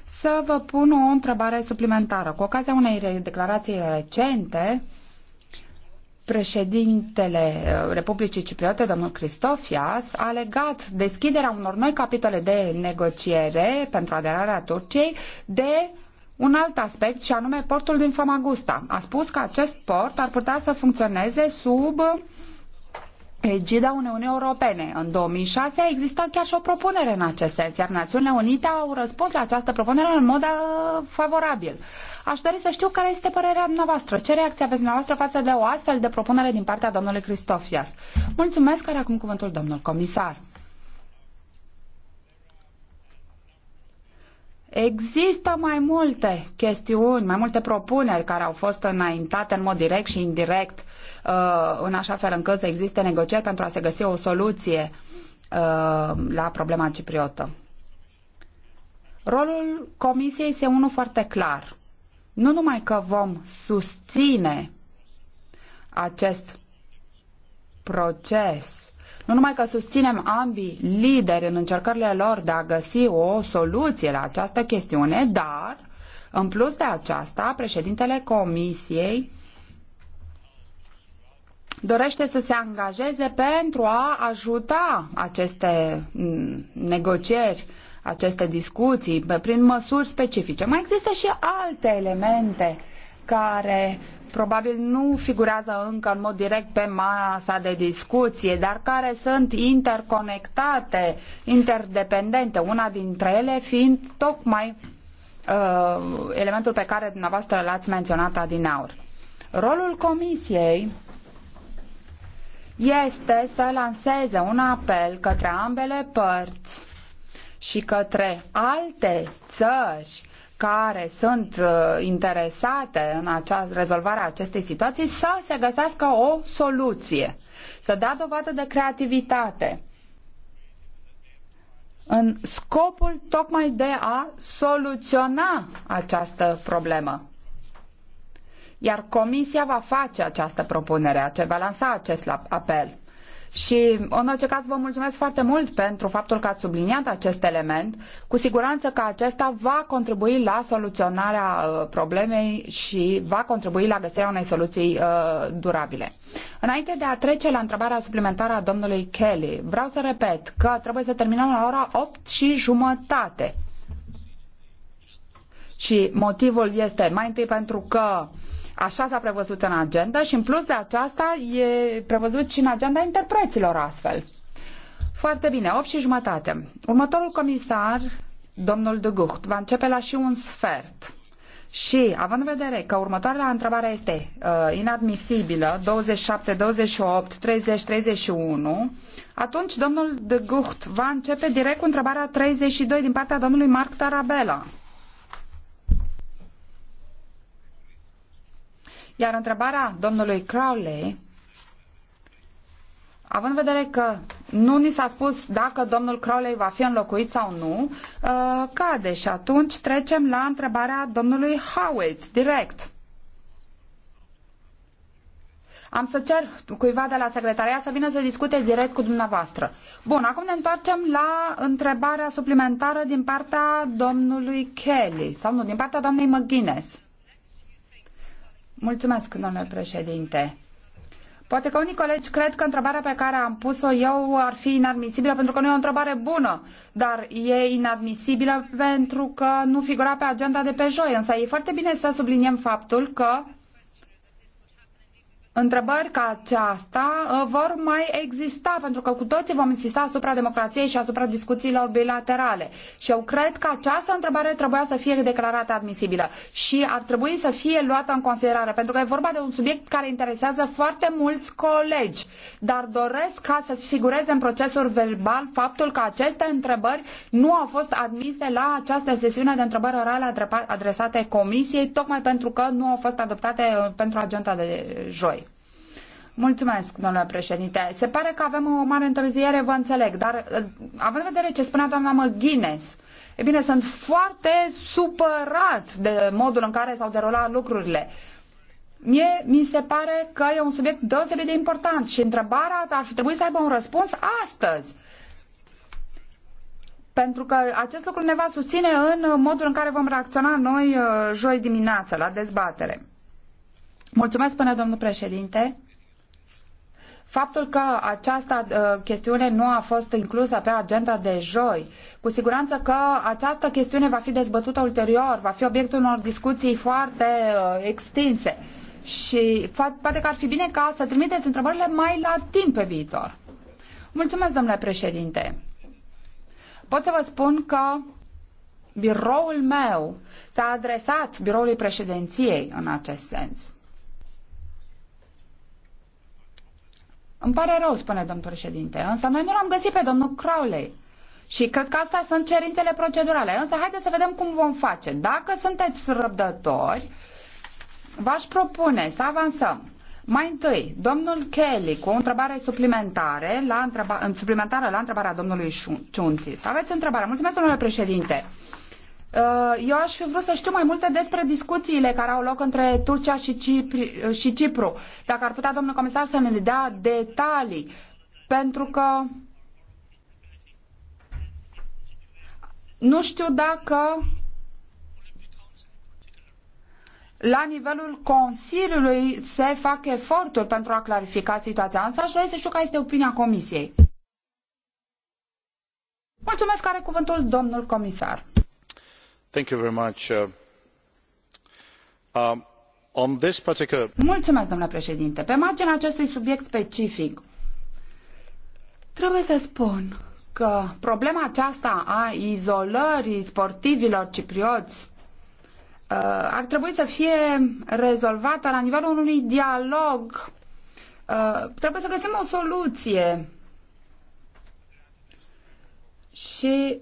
[SPEAKER 3] să vă pun o întrebare suplimentară. Cu ocazia unei declarații recente, președintele uh, Republicii Cipriote, domnul Cristofias, a legat deschiderea unor noi capitole de negociere pentru aderarea Turciei de un alt aspect și anume portul din Famagusta. A spus că acest port ar putea să funcționeze sub uh, egida Uniunii Europene. În 2006 a existat chiar și o propunere în acest sens, iar Națiunile Unite au răspuns la această propunere în mod uh, favorabil. Aș dori să știu care este părerea dumneavoastră. Ce reacție aveți dumneavoastră față de o astfel de propunere din partea domnului Cristofias? Mulțumesc, are acum cuvântul domnul comisar. Există mai multe chestiuni, mai multe propuneri care au fost înaintate în mod direct și indirect Uh, în așa fel încât să existe negocieri pentru a se găsi o soluție uh, la problema cipriotă. Rolul Comisiei este unul foarte clar. Nu numai că vom susține acest proces, nu numai că susținem ambii lideri în încercările lor de a găsi o soluție la această chestiune, dar, în plus de aceasta, președintele Comisiei dorește să se angajeze pentru a ajuta aceste mm, negocieri, aceste discuții prin măsuri specifice. Mai există și alte elemente care probabil nu figurează încă în mod direct pe masa de discuție, dar care sunt interconectate, interdependente, una dintre ele fiind tocmai uh, elementul pe care dumneavoastră l-ați menționat adineauri. Rolul comisiei este să lanseze un apel către ambele părți și către alte țări care sunt uh, interesate în acea, rezolvarea acestei situații să se găsească o soluție, să dea dovadă de creativitate în scopul tocmai de a soluționa această problemă. Iar Comisia va face această propunere, ce va lansa acest apel. Și, în orice caz, vă mulțumesc foarte mult pentru faptul că ați subliniat acest element. Cu siguranță că acesta va contribui la soluționarea uh, problemei și va contribui la găsirea unei soluții uh, durabile. Înainte de a trece la întrebarea suplimentară a domnului Kelly, vreau să repet că trebuie să terminăm la ora opt și jumătate. Și motivul este mai întâi pentru că uh, Așa s-a prevăzut în agenda și în plus de aceasta e prevăzut și în agenda interpreților astfel. Foarte bine, 8 și jumătate. Următorul comisar, domnul de Gucht, va începe la și un sfert. Și, având în vedere că următoarea întrebare este uh, inadmisibilă, 27, 28, 30, 31, atunci domnul de Gucht va începe direct cu întrebarea 32 din partea domnului Marc Tarabella. Iar întrebarea domnului Crowley, având în vedere că nu ni s-a spus dacă domnul Crowley va fi înlocuit sau nu, uh, cade și atunci trecem la întrebarea domnului Howitt, direct. Am să cer cuiva de la secretaria să vină să discute direct cu dumneavoastră. Bun, acum ne întoarcem la întrebarea suplimentară din partea domnului Kelly, sau nu, din partea doamnei McGuinness. Mulțumesc, domnule președinte. Poate că unii colegi cred că întrebarea pe care am pus-o eu ar fi inadmisibilă pentru că nu e o întrebare bună, dar e inadmisibilă pentru că nu figura pe agenda de pe joi. Însă e foarte bine să subliniem faptul că întrebări ca aceasta uh, vor mai exista, pentru că cu toții vom insista asupra democrației și asupra discuțiilor bilaterale. Și eu cred că această întrebare trebuia să fie declarată admisibilă și ar trebui să fie luată în considerare, pentru că e vorba de un subiect care interesează foarte mulți colegi, dar doresc ca să figureze în procesul verbal faptul că aceste întrebări nu au fost admise la această sesiune de întrebări orale adresate Comisiei, tocmai pentru că nu au fost adoptate uh, pentru agenda de joi. Mulțumesc, domnule președinte. Se pare că avem o mare întârziere, vă înțeleg, dar uh, având în vedere ce spunea doamna McGuinness, e bine, sunt foarte supărat de modul în care s-au derulat lucrurile. Mie mi se pare că e un subiect deosebit de important și întrebarea ar fi trebuit să aibă un răspuns astăzi. Pentru că acest lucru ne va susține în modul în care vom reacționa noi uh, joi dimineață la dezbatere. Mulțumesc, până domnul președinte. Faptul că această uh, chestiune nu a fost inclusă pe agenda de joi, cu siguranță că această chestiune va fi dezbătută ulterior, va fi obiectul unor discuții foarte uh, extinse și poate că ar fi bine ca să trimiteți întrebările mai la timp pe viitor. Mulțumesc, domnule președinte. Pot să vă spun că biroul meu s-a adresat biroului președinției în acest sens. Îmi pare rău, spune domnul președinte, însă noi nu l-am găsit pe domnul Crowley. Și cred că astea sunt cerințele procedurale. Însă haideți să vedem cum vom face. Dacă sunteți răbdători, v-aș propune să avansăm. Mai întâi, domnul Kelly, cu o întrebare suplimentare la întreba, suplimentară la întrebarea domnului Ciuntis. Aveți întrebare. Mulțumesc, domnule președinte. Uh, eu aș fi vrut să știu mai multe despre discuțiile care au loc între Turcia și, Cipri, uh, și Cipru. Dacă ar putea, domnul comisar, să ne dea detalii, pentru că nu știu dacă la nivelul Consiliului se fac eforturi pentru a clarifica situația, însă aș vrea să știu care este opinia Comisiei. Mulțumesc, are cuvântul domnul comisar.
[SPEAKER 2] Uh,
[SPEAKER 3] um, Mulțumesc, domnule președinte. Pe marginea acestui subiect specific, trebuie să spun că problema aceasta a izolării sportivilor ciprioți uh, ar trebui să fie rezolvată la nivelul unui dialog. Uh, trebuie să găsim o soluție. Și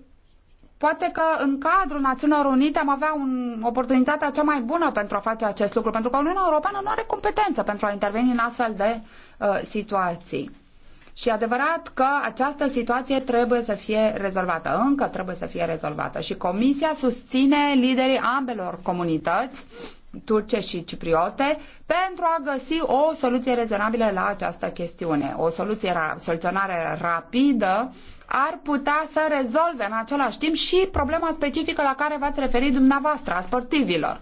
[SPEAKER 3] Poate că în cadrul Națiunilor Unite am avea un, oportunitatea cea mai bună pentru a face acest lucru, pentru că Uniunea Europeană nu are competență pentru a interveni în astfel de uh, situații. Și e adevărat că această situație trebuie să fie rezolvată, încă trebuie să fie rezolvată. Și Comisia susține liderii ambelor comunități uh, turce și cipriote pentru a găsi o soluție rezonabilă la această chestiune. O soluție, ra soluționare rapidă ar putea să rezolve în același timp și problema specifică la care v-ați referit dumneavoastră, a sportivilor.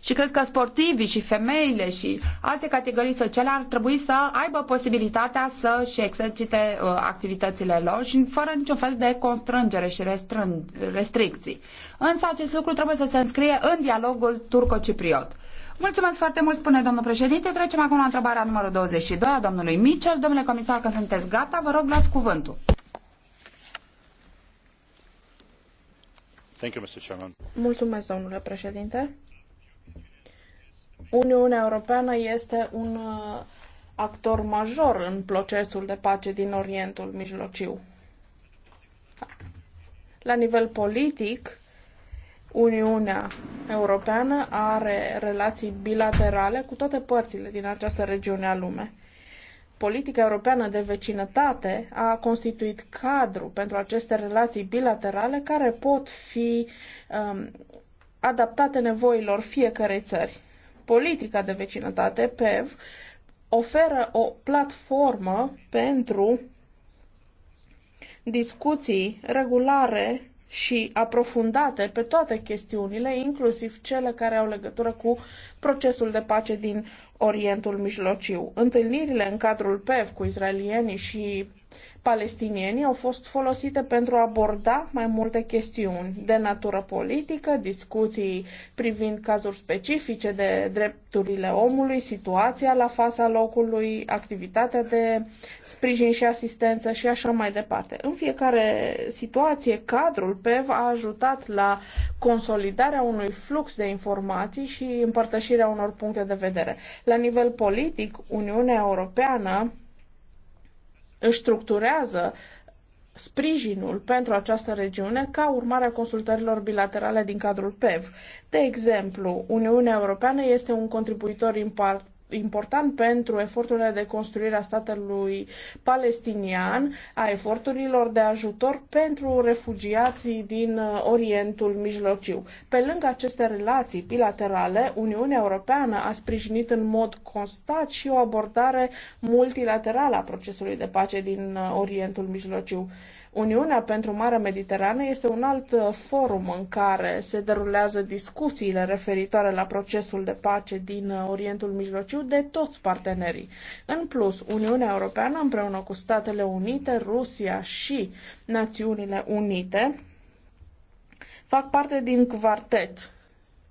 [SPEAKER 3] Și cred că sportivii și femeile și alte categorii sociale ar trebui să aibă posibilitatea să și exercite uh, activitățile lor și fără niciun fel de constrângere și restricții. Însă acest lucru trebuie să se înscrie în dialogul turco-cipriot. Mulțumesc foarte mult, spune domnul președinte. Trecem acum la întrebarea numărul 22 a domnului Mitchell. Domnule comisar, când sunteți gata, vă rog, luați cuvântul.
[SPEAKER 1] Mulțumesc, domnule președinte. Uniunea Europeană este un uh, actor major în procesul de pace din Orientul Mijlociu. La nivel politic, Uniunea Europeană are relații bilaterale cu toate părțile din această regiune a lume. Politica europeană de vecinătate a constituit cadru pentru aceste relații bilaterale care pot fi um, adaptate nevoilor fiecarei țări politica de vecinătate, PEV, oferă o platformă pentru discuții regulare și aprofundate pe toate chestiunile, inclusiv cele care au legătură cu procesul de pace din Orientul Mijlociu. Întâlnirile în cadrul PEV cu israelienii și Palestinienii au fost folosite pentru a aborda mai multe chestiuni de natură politică, discuții privind cazuri specifice de drepturile omului, situația la fața locului, activitatea de sprijin și asistență și așa mai departe. În fiecare situație, cadrul PEV a ajutat la consolidarea unui flux de informații și împărtășirea unor puncte de vedere. La nivel politic, Uniunea Europeană își structurează sprijinul pentru această regiune ca urmare a consultărilor bilaterale din cadrul PEV. De exemplu, Uniunea Europeană este un contribuitor important important pentru eforturile de construire a statului palestinian, a eforturilor de ajutor pentru refugiații din uh, Orientul Mijlociu. Pe lângă aceste relații bilaterale, Uniunea Europeană a sprijinit în mod constat și o abordare multilaterală a procesului de pace din uh, Orientul Mijlociu. Uniunea pentru Marea Mediterană este un alt uh, forum în care se derulează discuțiile referitoare la procesul de pace din uh, Orientul Mijlociu de toți partenerii. În plus, Uniunea Europeană împreună cu Statele Unite, Rusia și Națiunile Unite fac parte din quartet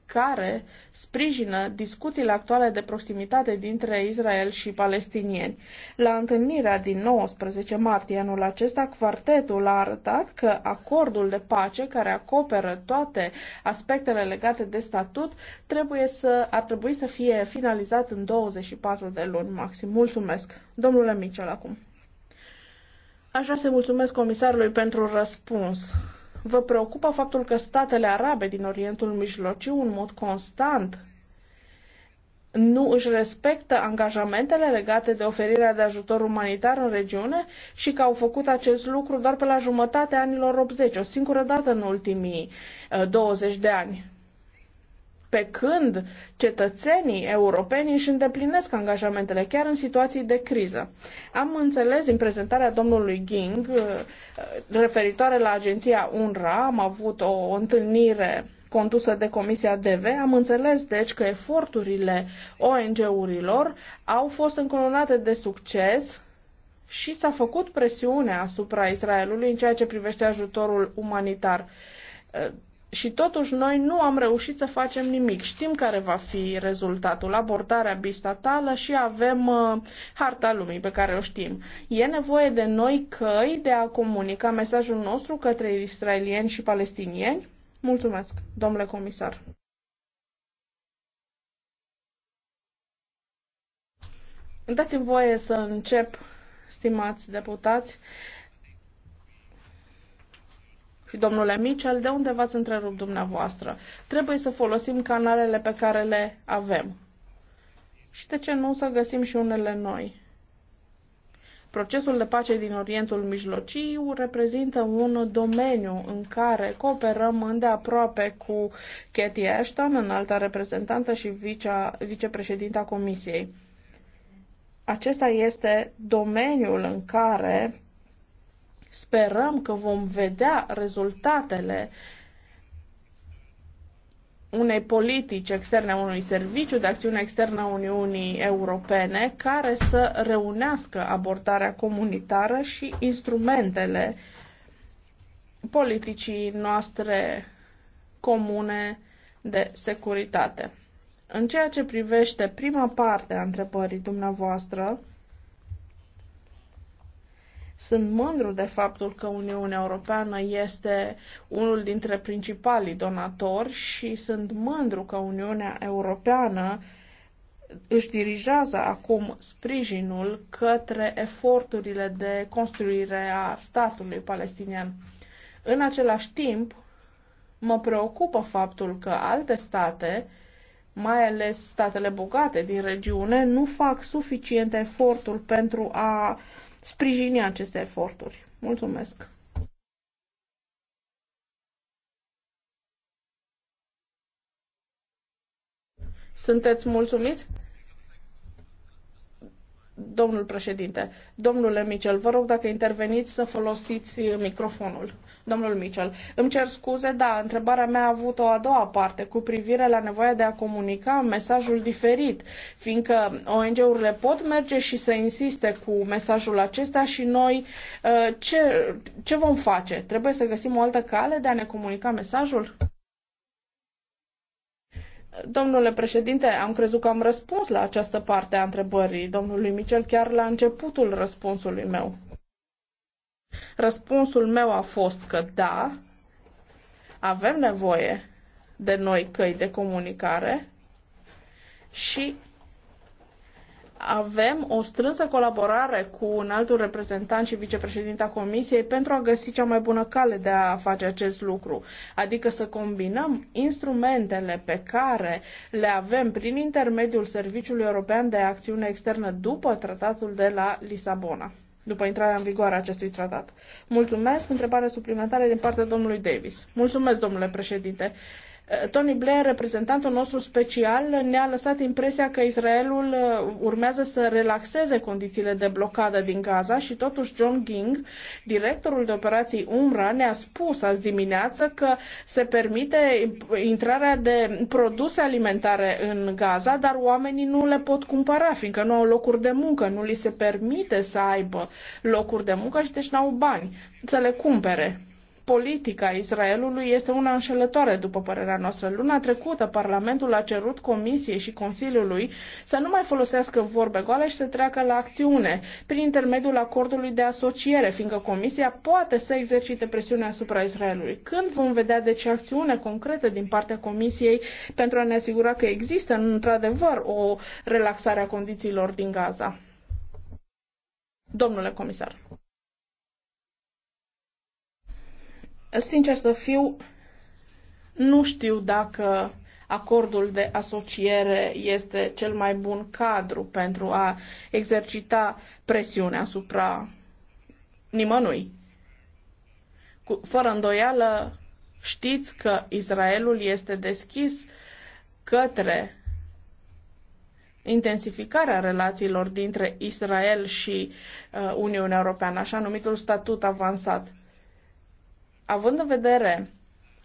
[SPEAKER 1] care sprijină discuțiile actuale de proximitate dintre Israel și palestinieni. La întâlnirea din 19 martie anul acesta, quartetul a arătat că acordul de pace care acoperă toate aspectele legate de statut trebuie să, ar trebui să fie finalizat în 24 de luni maxim. Mulțumesc. Domnule Michel, acum. Aș vrea să mulțumesc comisarului pentru răspuns. Vă preocupă faptul că statele arabe din Orientul Mijlociu, în mod constant, nu își respectă angajamentele legate de oferirea de ajutor umanitar în regiune și că au făcut acest lucru doar pe la jumătatea anilor 80, o singură dată în ultimii 20 uh, de ani pe când cetățenii europeni își îndeplinesc angajamentele chiar în situații de criză. Am înțeles din prezentarea domnului Ging uh, referitoare la agenția UNRWA, am avut o întâlnire condusă de Comisia DV, am înțeles deci că eforturile ONG-urilor au fost încolonate de succes și s-a făcut presiune asupra Israelului în ceea ce privește ajutorul umanitar uh, și totuși noi nu am reușit să facem nimic. Știm care va fi rezultatul, abordarea bistatală și avem uh, harta lumii pe care o știm. E nevoie de noi căi de a comunica mesajul nostru către israelieni și palestinieni? Mulțumesc, domnule comisar. Dați-mi voie să încep, stimați deputați, și domnule Mitchell, de unde v-ați întrerupt dumneavoastră? Trebuie să folosim canalele pe care le avem. Și de ce nu să găsim și unele noi? Procesul de pace din Orientul Mijlociu reprezintă un domeniu în care cooperăm îndeaproape cu Katie Ashton, înalta reprezentantă și vicea, vicepreședinta Comisiei. Acesta este domeniul în care Sperăm că vom vedea rezultatele unei politici externe a unui serviciu de acțiune externă a Uniunii Europene care să reunească abordarea comunitară și instrumentele politicii noastre comune de securitate. În ceea ce privește prima parte a întrebării dumneavoastră, sunt mândru de faptul că Uniunea Europeană este unul dintre principalii donatori și sunt mândru că Uniunea Europeană își dirigează acum sprijinul către eforturile de construire a statului palestinian. În același timp, mă preocupă faptul că alte state, mai ales statele bogate din regiune, nu fac suficient efortul pentru a sprijini aceste eforturi. Mulțumesc! Sunteți mulțumiți? Domnul președinte, domnule Michel, vă rog dacă interveniți să folosiți microfonul. Domnul Mitchell, îmi cer scuze, da, întrebarea mea a avut o a doua parte cu privire la nevoia de a comunica mesajul diferit, fiindcă ONG-urile pot merge și să insiste cu mesajul acesta și noi uh, ce, ce vom face? Trebuie să găsim o altă cale de a ne comunica mesajul? Domnule președinte, am crezut că am răspuns la această parte a întrebării domnului Michel chiar la începutul răspunsului meu. Răspunsul meu a fost că da, avem nevoie de noi căi de comunicare și avem o strânsă colaborare cu un altul reprezentant și vicepreședinta Comisiei pentru a găsi cea mai bună cale de a face acest lucru, adică să combinăm instrumentele pe care le avem prin intermediul Serviciului European de Acțiune Externă după Tratatul de la Lisabona după intrarea în vigoare a acestui tratat. Mulțumesc. Întrebare suplimentară din partea domnului Davis. Mulțumesc, domnule președinte. Eh, Tony Blair, reprezentantul nostru special, ne-a lăsat impresia că Israelul eh, urmează să relaxeze condițiile de blocadă din Gaza și totuși John Ging, directorul de operații UMRA, ne-a spus azi dimineață că se permite intrarea de produse alimentare în Gaza, dar oamenii nu le pot cumpăra, fiindcă nu au locuri de muncă, nu li se permite să aibă locuri de muncă și deci n-au bani să le cumpere politica Israelului este una înșelătoare, după părerea noastră. Luna trecută, Parlamentul a cerut Comisiei și Consiliului să nu mai folosească vorbe goale și să treacă la acțiune prin intermediul acordului de asociere, fiindcă Comisia poate să exercite presiune asupra Israelului. Când vom vedea deci acțiune concretă din partea Comisiei pentru a ne asigura că există într-adevăr o relaxare a condițiilor din Gaza? Domnule comisar. Sincer să fiu, nu știu dacă acordul de asociere este cel mai bun cadru pentru a exercita presiunea asupra nimănui. Cu, fără îndoială, știți că Israelul este deschis către intensificarea relațiilor dintre Israel și uh, Uniunea Europeană, așa numitul statut avansat având în vedere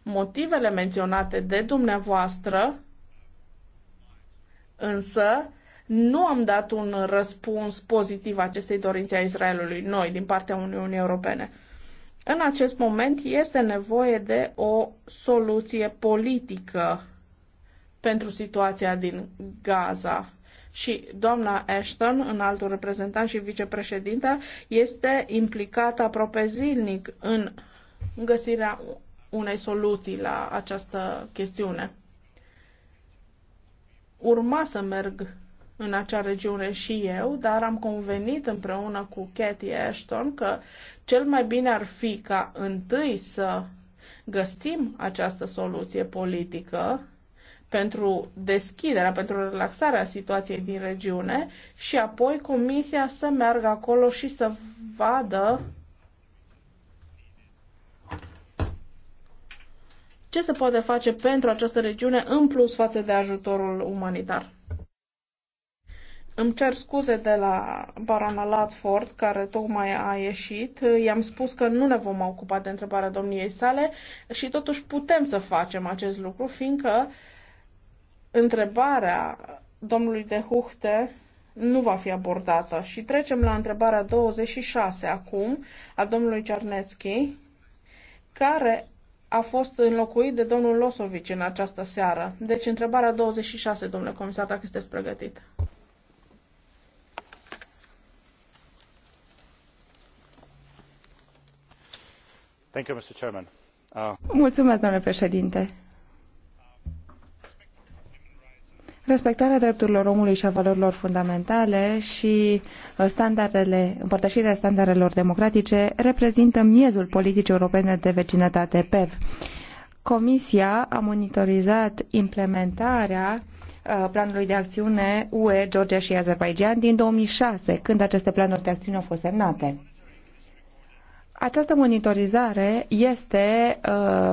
[SPEAKER 1] motivele menționate de dumneavoastră, însă nu am dat un răspuns pozitiv acestei dorințe a Israelului, noi, din partea Uniunii Europene. În acest moment este nevoie de o soluție politică pentru situația din Gaza. Și doamna Ashton, în altul reprezentant și vicepreședinte, este implicată aproape zilnic în găsirea unei soluții la această chestiune. Urma să merg în acea regiune și eu, dar am convenit împreună cu Cathy Ashton că cel mai bine ar fi ca întâi să găsim această soluție politică pentru deschiderea, pentru relaxarea situației din regiune și apoi Comisia să meargă acolo și să vadă ce se poate face pentru această regiune în plus față de ajutorul umanitar. Îmi cer scuze de la Barana Latford, care tocmai a ieșit. I-am spus că nu ne vom ocupa de întrebarea domniei sale și totuși putem să facem acest lucru, fiindcă întrebarea domnului de Huchte nu va fi abordată. Și trecem la întrebarea 26 acum, a domnului Cernetski, care a fost înlocuit de domnul Losovici în această seară. Deci, întrebarea 26, domnule comisar, dacă sunteți pregătit.
[SPEAKER 2] Uh, Mulțumesc, domnule președinte. Respectarea drepturilor omului și a valorilor fundamentale și uh, standardele, împărtășirea standardelor democratice reprezintă miezul politicii europene de vecinătate PEV. Comisia a monitorizat implementarea uh, planului de acțiune UE, Georgia și Azerbaijan din 2006, când aceste planuri de acțiune au fost semnate. Această monitorizare este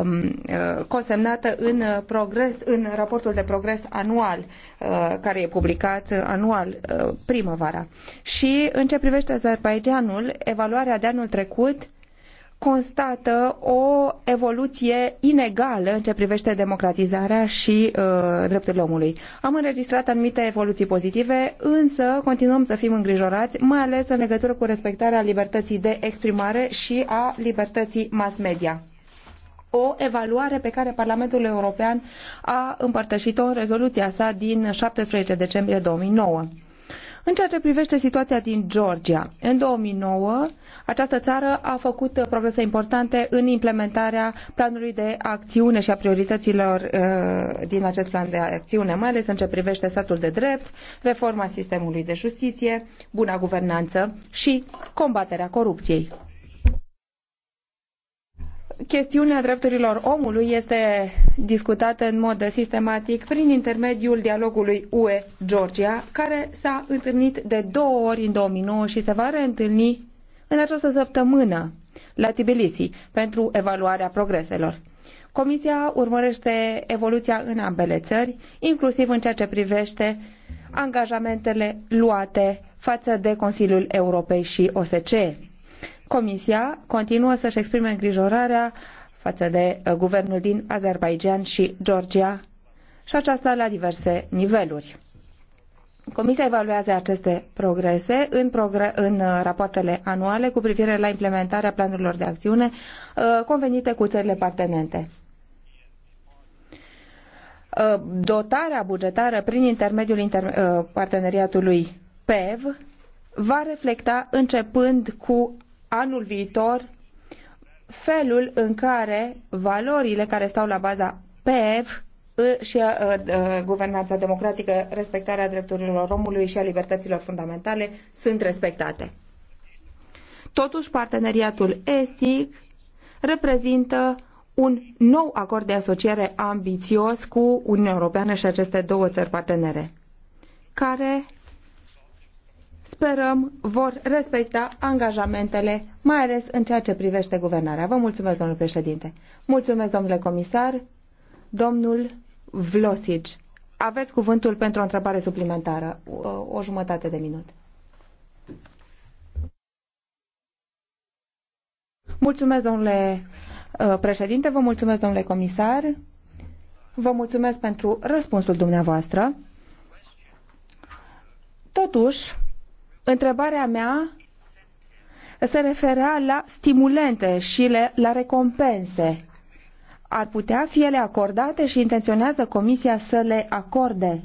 [SPEAKER 2] um, uh, consemnată în, progres, în raportul de progres anual, uh, care e publicat anual uh, primăvara. Și în ce privește Azerbaijanul, evaluarea de anul trecut constată o evoluție inegală în ce privește democratizarea și uh, drepturile omului. Am înregistrat anumite evoluții pozitive, însă continuăm să fim îngrijorați, mai ales în legătură cu respectarea libertății de exprimare și a libertății mass media o evaluare pe care Parlamentul European a împărtășit-o în rezoluția sa din 17 decembrie 2009. În ceea ce privește situația din Georgia, în 2009, această țară a făcut uh, progrese importante în implementarea planului de acțiune și a priorităților uh, din acest plan de acțiune, mai ales în ce privește statul de drept, reforma sistemului de justiție, buna guvernanță și combaterea corupției chestiunea drepturilor omului este discutată în mod sistematic prin intermediul dialogului UE-Georgia, care s-a întâlnit de două ori în 2009 și se va reîntâlni în această săptămână la Tbilisi pentru evaluarea progreselor. Comisia urmărește evoluția în ambele țări, inclusiv în ceea ce privește angajamentele luate față de Consiliul Europei și OSCE. Comisia continuă să-și exprime îngrijorarea față de uh, guvernul din Azerbaijan și Georgia și aceasta la diverse niveluri. Comisia evaluează aceste progrese în, progre- în uh, rapoartele anuale cu privire la implementarea planurilor de acțiune uh, convenite cu țările partenente dotarea bugetară prin intermediul inter parteneriatului PEV va reflecta începând cu anul viitor felul în care valorile care stau la baza PEV și uh, uh, guvernanța democratică, respectarea drepturilor omului și a libertăților fundamentale sunt respectate. Totuși, parteneriatul estic reprezintă un nou acord de asociere ambițios cu Uniunea Europeană și aceste două țări partenere, care sperăm, vor respecta angajamentele, mai ales în ceea ce privește guvernarea. Vă mulțumesc, domnule președinte. Mulțumesc, domnule comisar. Domnul Vlosic, aveți cuvântul pentru o întrebare suplimentară. O, o jumătate de minut. Mulțumesc, domnule uh, președinte, vă mulțumesc, domnule comisar. Vă mulțumesc pentru răspunsul dumneavoastră. Totuși, Întrebarea mea se referea la stimulente și la recompense. Ar putea fi ele acordate și intenționează Comisia să le acorde?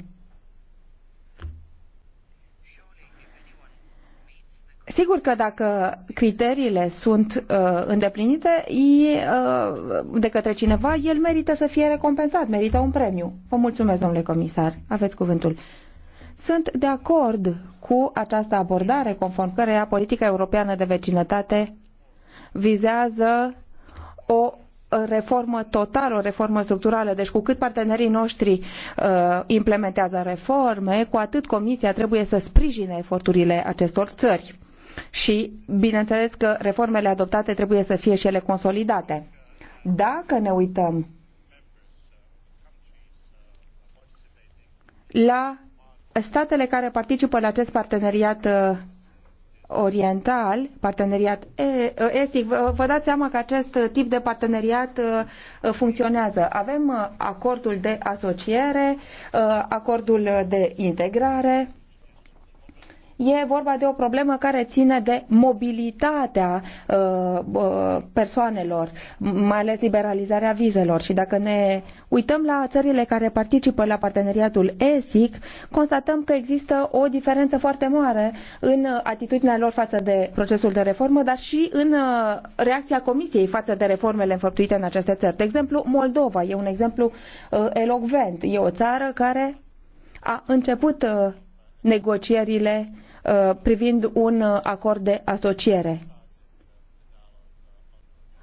[SPEAKER 2] Sigur că dacă criteriile sunt uh, îndeplinite e, uh, de către cineva, el merită să fie recompensat, merită un premiu. Vă mulțumesc, domnule comisar. Aveți cuvântul. Sunt de acord cu această abordare conform căreia politica europeană de vecinătate vizează o reformă totală, o reformă structurală. Deci cu cât partenerii noștri uh, implementează reforme, cu atât Comisia trebuie să sprijine eforturile acestor țări. Și bineînțeles că reformele adoptate trebuie să fie și ele consolidate. Dacă ne uităm la statele care participă la acest parteneriat uh, oriental, parteneriat uh, estic, vă dați seama că acest tip de parteneriat uh, funcționează. Avem acordul de asociere, acordul de integrare, E vorba de o problemă care ține de mobilitatea uh, uh, persoanelor, mai ales liberalizarea vizelor. Și dacă ne uităm la țările care participă la parteneriatul ESIC, constatăm că există o diferență foarte mare în atitudinea lor față de procesul de reformă, dar și în uh, reacția Comisiei față de reformele înfăptuite în aceste țări. De exemplu, Moldova e un exemplu elocvent. E o țară care a început negocierile Uh, privind un uh, acord de asociere.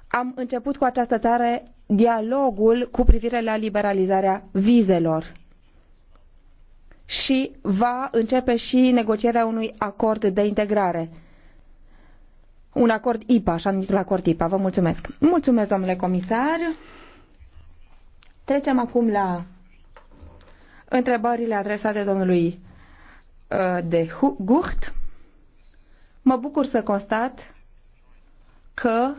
[SPEAKER 2] Am început cu această țară dialogul cu privire la liberalizarea vizelor și va începe și negocierea unui acord de integrare. Un acord IPA, așa numitul acord IPA. Vă mulțumesc. Mulțumesc, domnule comisar. Trecem acum la întrebările adresate domnului Uh, de Gucht, mă bucur să constat că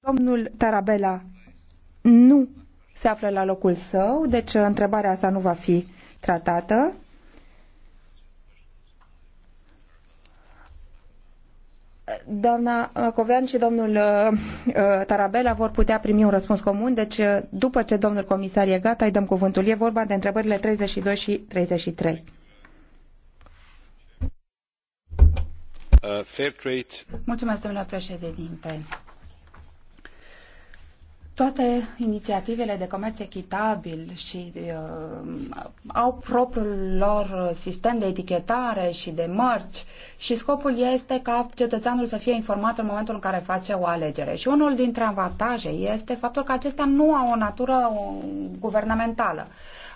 [SPEAKER 2] domnul Tarabella nu se află la locul său, deci uh, întrebarea sa nu va fi tratată. doamna uh, Covean și domnul uh, uh, Tarabella vor putea primi un răspuns comun, deci după ce domnul comisar e gata, îi dăm cuvântul. E vorba de întrebările
[SPEAKER 3] 32 și 33. Mulțumesc, domnule președinte. Toate inițiativele de comerț echitabil și uh, au propriul lor sistem de etichetare și de mărci și scopul este ca cetățeanul să fie informat în momentul în care face o alegere. Și unul dintre avantaje este faptul că acestea nu au o natură guvernamentală.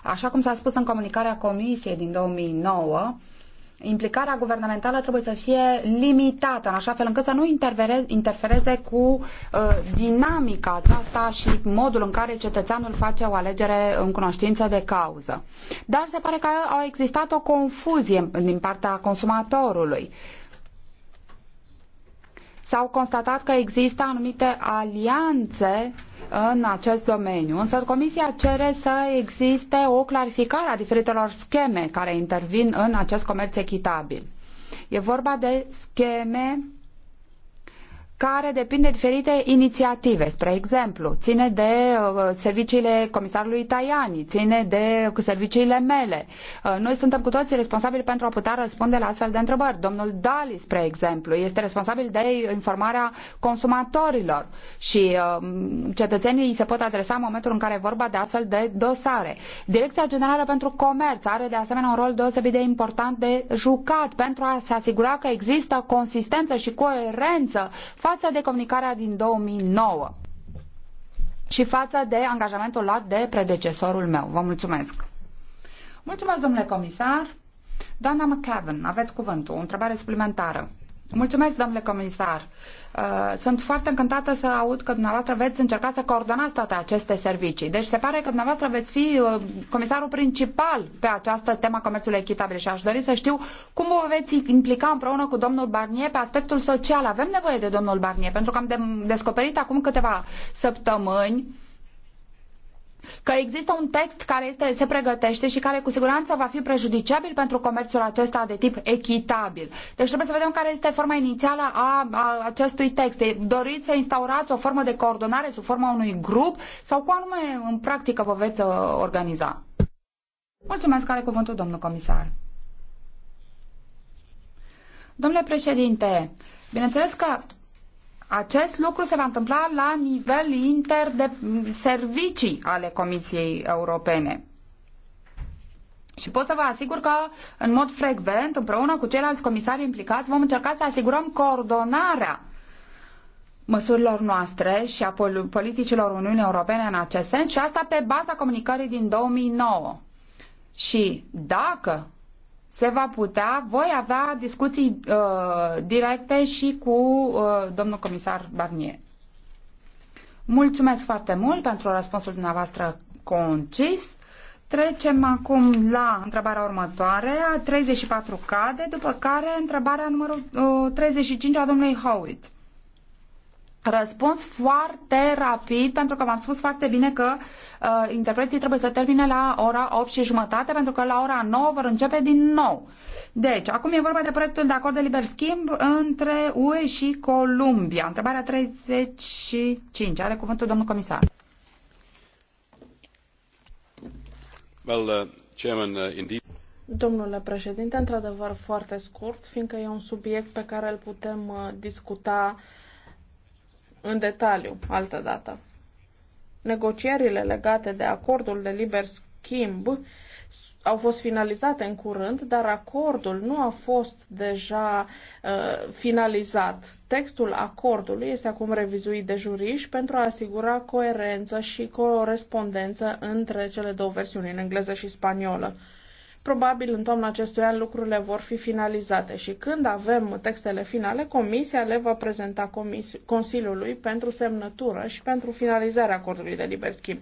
[SPEAKER 3] Așa cum s-a spus în comunicarea Comisiei din 2009, implicarea guvernamentală trebuie să fie limitată, în așa fel încât să nu interfereze cu uh, dinamica aceasta și modul în care cetățeanul face o alegere în cunoștință de cauză. Dar se pare că a existat o confuzie din partea consumatorului s-au constatat că există anumite alianțe în acest domeniu. Însă Comisia cere să existe o clarificare a diferitelor scheme care intervin în acest comerț echitabil. E vorba de scheme care depinde de diferite inițiative. Spre exemplu, ține de uh, serviciile comisarului Tajani, ține de serviciile mele. Uh, noi suntem cu toții responsabili pentru a putea răspunde la astfel de întrebări. Domnul Dali, spre exemplu, este responsabil de informarea consumatorilor și uh, cetățenii se pot adresa în momentul în care e vorba de astfel de dosare. Direcția Generală pentru Comerț are de asemenea un rol deosebit de important de jucat pentru a se asigura că există consistență și coerență față de comunicarea din 2009 și față de angajamentul luat de predecesorul meu. Vă mulțumesc! Mulțumesc, domnule comisar! Doamna McCavan, aveți cuvântul. O întrebare suplimentară. Mulțumesc, domnule comisar! Uh, Uh, sunt foarte încântată să aud că dumneavoastră veți încerca să coordonați toate aceste servicii. Deci se pare că dumneavoastră veți fi uh, comisarul principal pe această temă comerțului echitabil și aș dori să știu cum vă veți implica împreună cu domnul Barnier pe aspectul social. Avem nevoie de domnul Barnier pentru că am descoperit acum câteva săptămâni că există un text care este, se pregătește și care cu siguranță va fi prejudiciabil pentru comerțul acesta de tip echitabil. Deci trebuie să vedem care este forma inițială a, a acestui text. Deci, doriți să instaurați o formă de coordonare sub forma unui grup sau cum anume în practică vă veți uh, organiza? Mulțumesc, cuvântul, domnul comisar. Domnule președinte, bineînțeles că acest lucru se va întâmpla la nivel inter de servicii ale Comisiei Europene. Și pot să vă asigur că, în mod frecvent, împreună cu ceilalți comisari implicați, vom încerca să asigurăm coordonarea măsurilor noastre și a politicilor Uniunii Europene în acest sens și asta pe baza comunicării din 2009. Și dacă se va putea, voi avea discuții uh, directe și cu uh, domnul comisar Barnier. Mulțumesc foarte mult pentru răspunsul dumneavoastră concis. Trecem acum la întrebarea următoare, 34 cade, după care întrebarea numărul uh, 35 a domnului Howitt răspuns foarte rapid, pentru că v-am spus foarte bine că uh, interpreții trebuie să termine la ora 8 și jumătate, pentru că la ora 9 vor începe din nou. Deci, acum e vorba de proiectul de acord de liber schimb între UE și Columbia. Întrebarea 35. Are cuvântul domnul
[SPEAKER 1] comisar.
[SPEAKER 2] Well, uh, chairman, uh, indeed...
[SPEAKER 1] Domnule președinte, într-adevăr foarte scurt, fiindcă e un subiect pe care îl putem uh, discuta uh, în detaliu altă dată. Negocierile legate de acordul de liber schimb au fost finalizate în curând, dar acordul nu a fost deja uh, finalizat. Textul acordului este acum revizuit de juriști pentru a asigura coerență și corespondență între cele două versiuni, în engleză și spaniolă. Probabil în toamna acestui an lucrurile vor fi finalizate și când avem textele finale, Comisia le va prezenta comis- Consiliului pentru semnătură și pentru finalizarea acordului de liber schimb,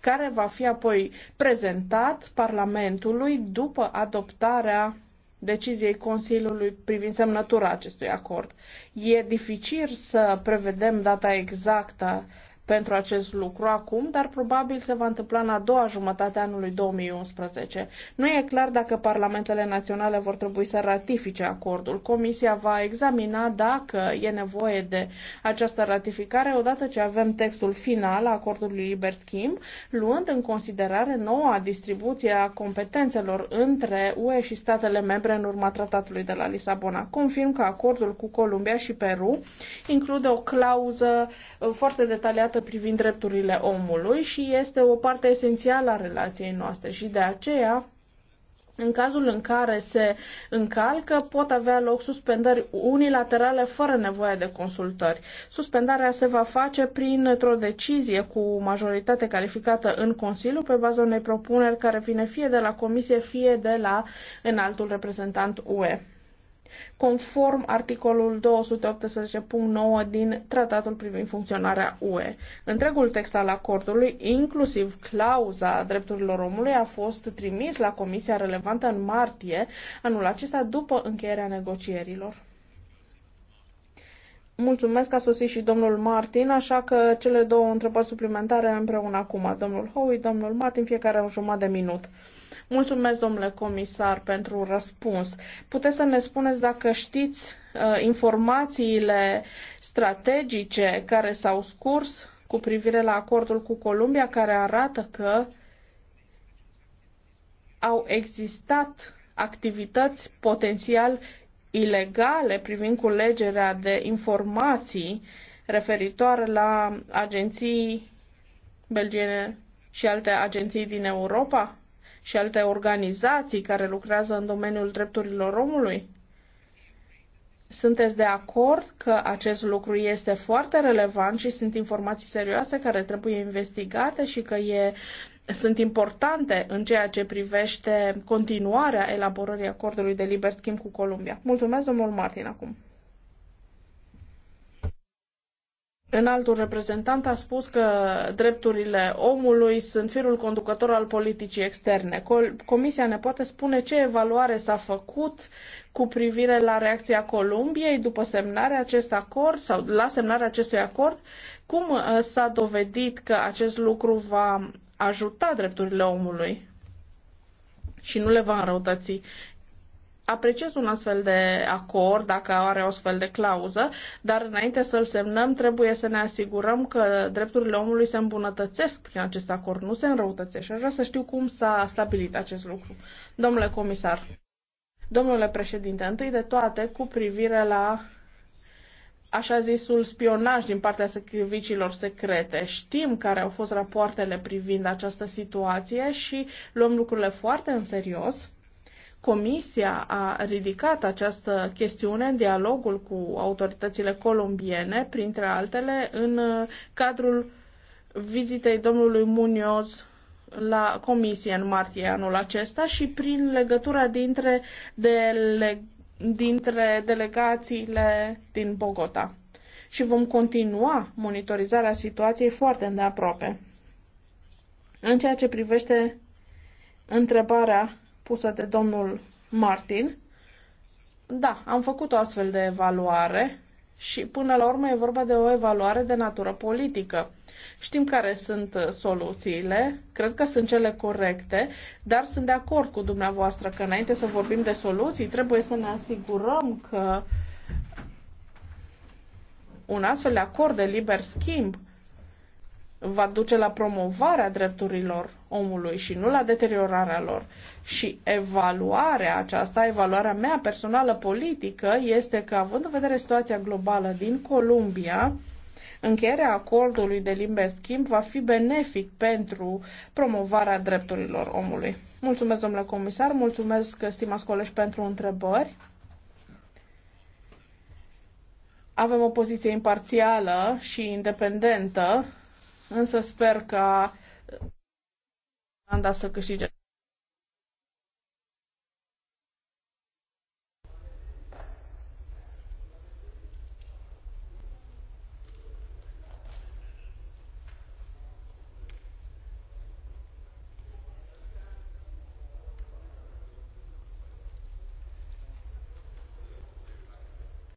[SPEAKER 1] care va fi apoi prezentat Parlamentului după adoptarea deciziei Consiliului privind semnătura acestui acord. E dificil să prevedem data exactă uh, pentru acest lucru acum, dar probabil se va întâmpla în a doua jumătate a anului 2011. Nu e clar dacă parlamentele naționale vor trebui să ratifice acordul. Comisia va examina dacă e nevoie de această ratificare odată ce avem textul final a acordului liber schimb, luând în considerare noua distribuție a competențelor între UE și statele membre în urma tratatului de la Lisabona. Confirm că acordul cu Columbia și Peru include o clauză foarte detaliată arată privind drepturile omului și este o parte esențială a relației noastre și de aceea în cazul în care se încalcă, pot avea loc suspendări unilaterale fără nevoie de consultări. Suspendarea se va face printr-o decizie cu majoritate calificată în Consiliu pe baza unei propuneri care vine fie de la Comisie, fie de la înaltul reprezentant UE conform articolul 218.9 din Tratatul privind funcționarea UE. Întregul text al acordului, inclusiv clauza drepturilor omului, a fost trimis la comisia relevantă în martie anul acesta după încheierea negocierilor. Mulțumesc, că a sosit și domnul Martin, așa că cele două întrebări suplimentare împreună acum, domnul Howie, domnul Martin, fiecare un jumătate de minut. Mulțumesc, domnule comisar, pentru răspuns. Puteți să ne spuneți dacă știți uh, informațiile strategice care s-au scurs cu privire la acordul cu Columbia, care arată că au existat activități potențial ilegale privind culegerea de informații referitoare la agenții belgiene și alte agenții din Europa? și alte organizații care lucrează în domeniul drepturilor omului? Sunteți de acord că acest lucru este foarte relevant și sunt informații serioase care trebuie investigate și că e, sunt importante în ceea ce privește continuarea elaborării acordului de liber schimb cu Columbia? Mulțumesc, domnul Martin, acum. Înaltul reprezentant a spus că drepturile omului sunt firul conducător al politicii externe. Comisia ne poate spune ce evaluare s-a făcut cu privire la reacția Columbiei după semnarea acest acord sau la semnarea acestui acord? Cum uh, s-a dovedit că acest lucru va ajuta drepturile omului și nu le va înrăutăți? apreciez un astfel de acord, dacă are o astfel de clauză, dar înainte să-l semnăm, trebuie să ne asigurăm că drepturile omului se îmbunătățesc prin acest acord, nu se înrăutățesc. Și aș vrea să știu cum s-a stabilit acest lucru. Domnule comisar, domnule președinte, întâi de toate, cu privire la așa zisul spionaj din partea serviciilor secrete. Știm care au fost rapoartele privind această situație și luăm lucrurile foarte în serios Comisia a ridicat această chestiune în dialogul cu autoritățile colombiene, printre altele, în uh, cadrul vizitei domnului Munoz la comisie în martie anul acesta și prin legătura dintre, dele, dintre delegațiile din Bogota. Și vom continua monitorizarea situației foarte îndeaproape. În ceea ce privește întrebarea pusă de domnul Martin. Da, am făcut o astfel de evaluare și până la urmă e vorba de o evaluare de natură politică. Știm care sunt uh, soluțiile, cred că sunt cele corecte, dar sunt de acord cu dumneavoastră că înainte să vorbim de soluții, trebuie să ne asigurăm că un astfel de acord de liber schimb va duce la promovarea drepturilor omului și nu la deteriorarea lor. Și evaluarea aceasta, evaluarea mea personală politică, este că, având în vedere situația globală din Columbia, încheierea acordului de limbe schimb va fi benefic pentru promovarea drepturilor omului. Mulțumesc, domnule comisar, mulțumesc, stimați colegi, pentru întrebări. Avem o poziție imparțială și independentă Însă sper ca Anda să câștige.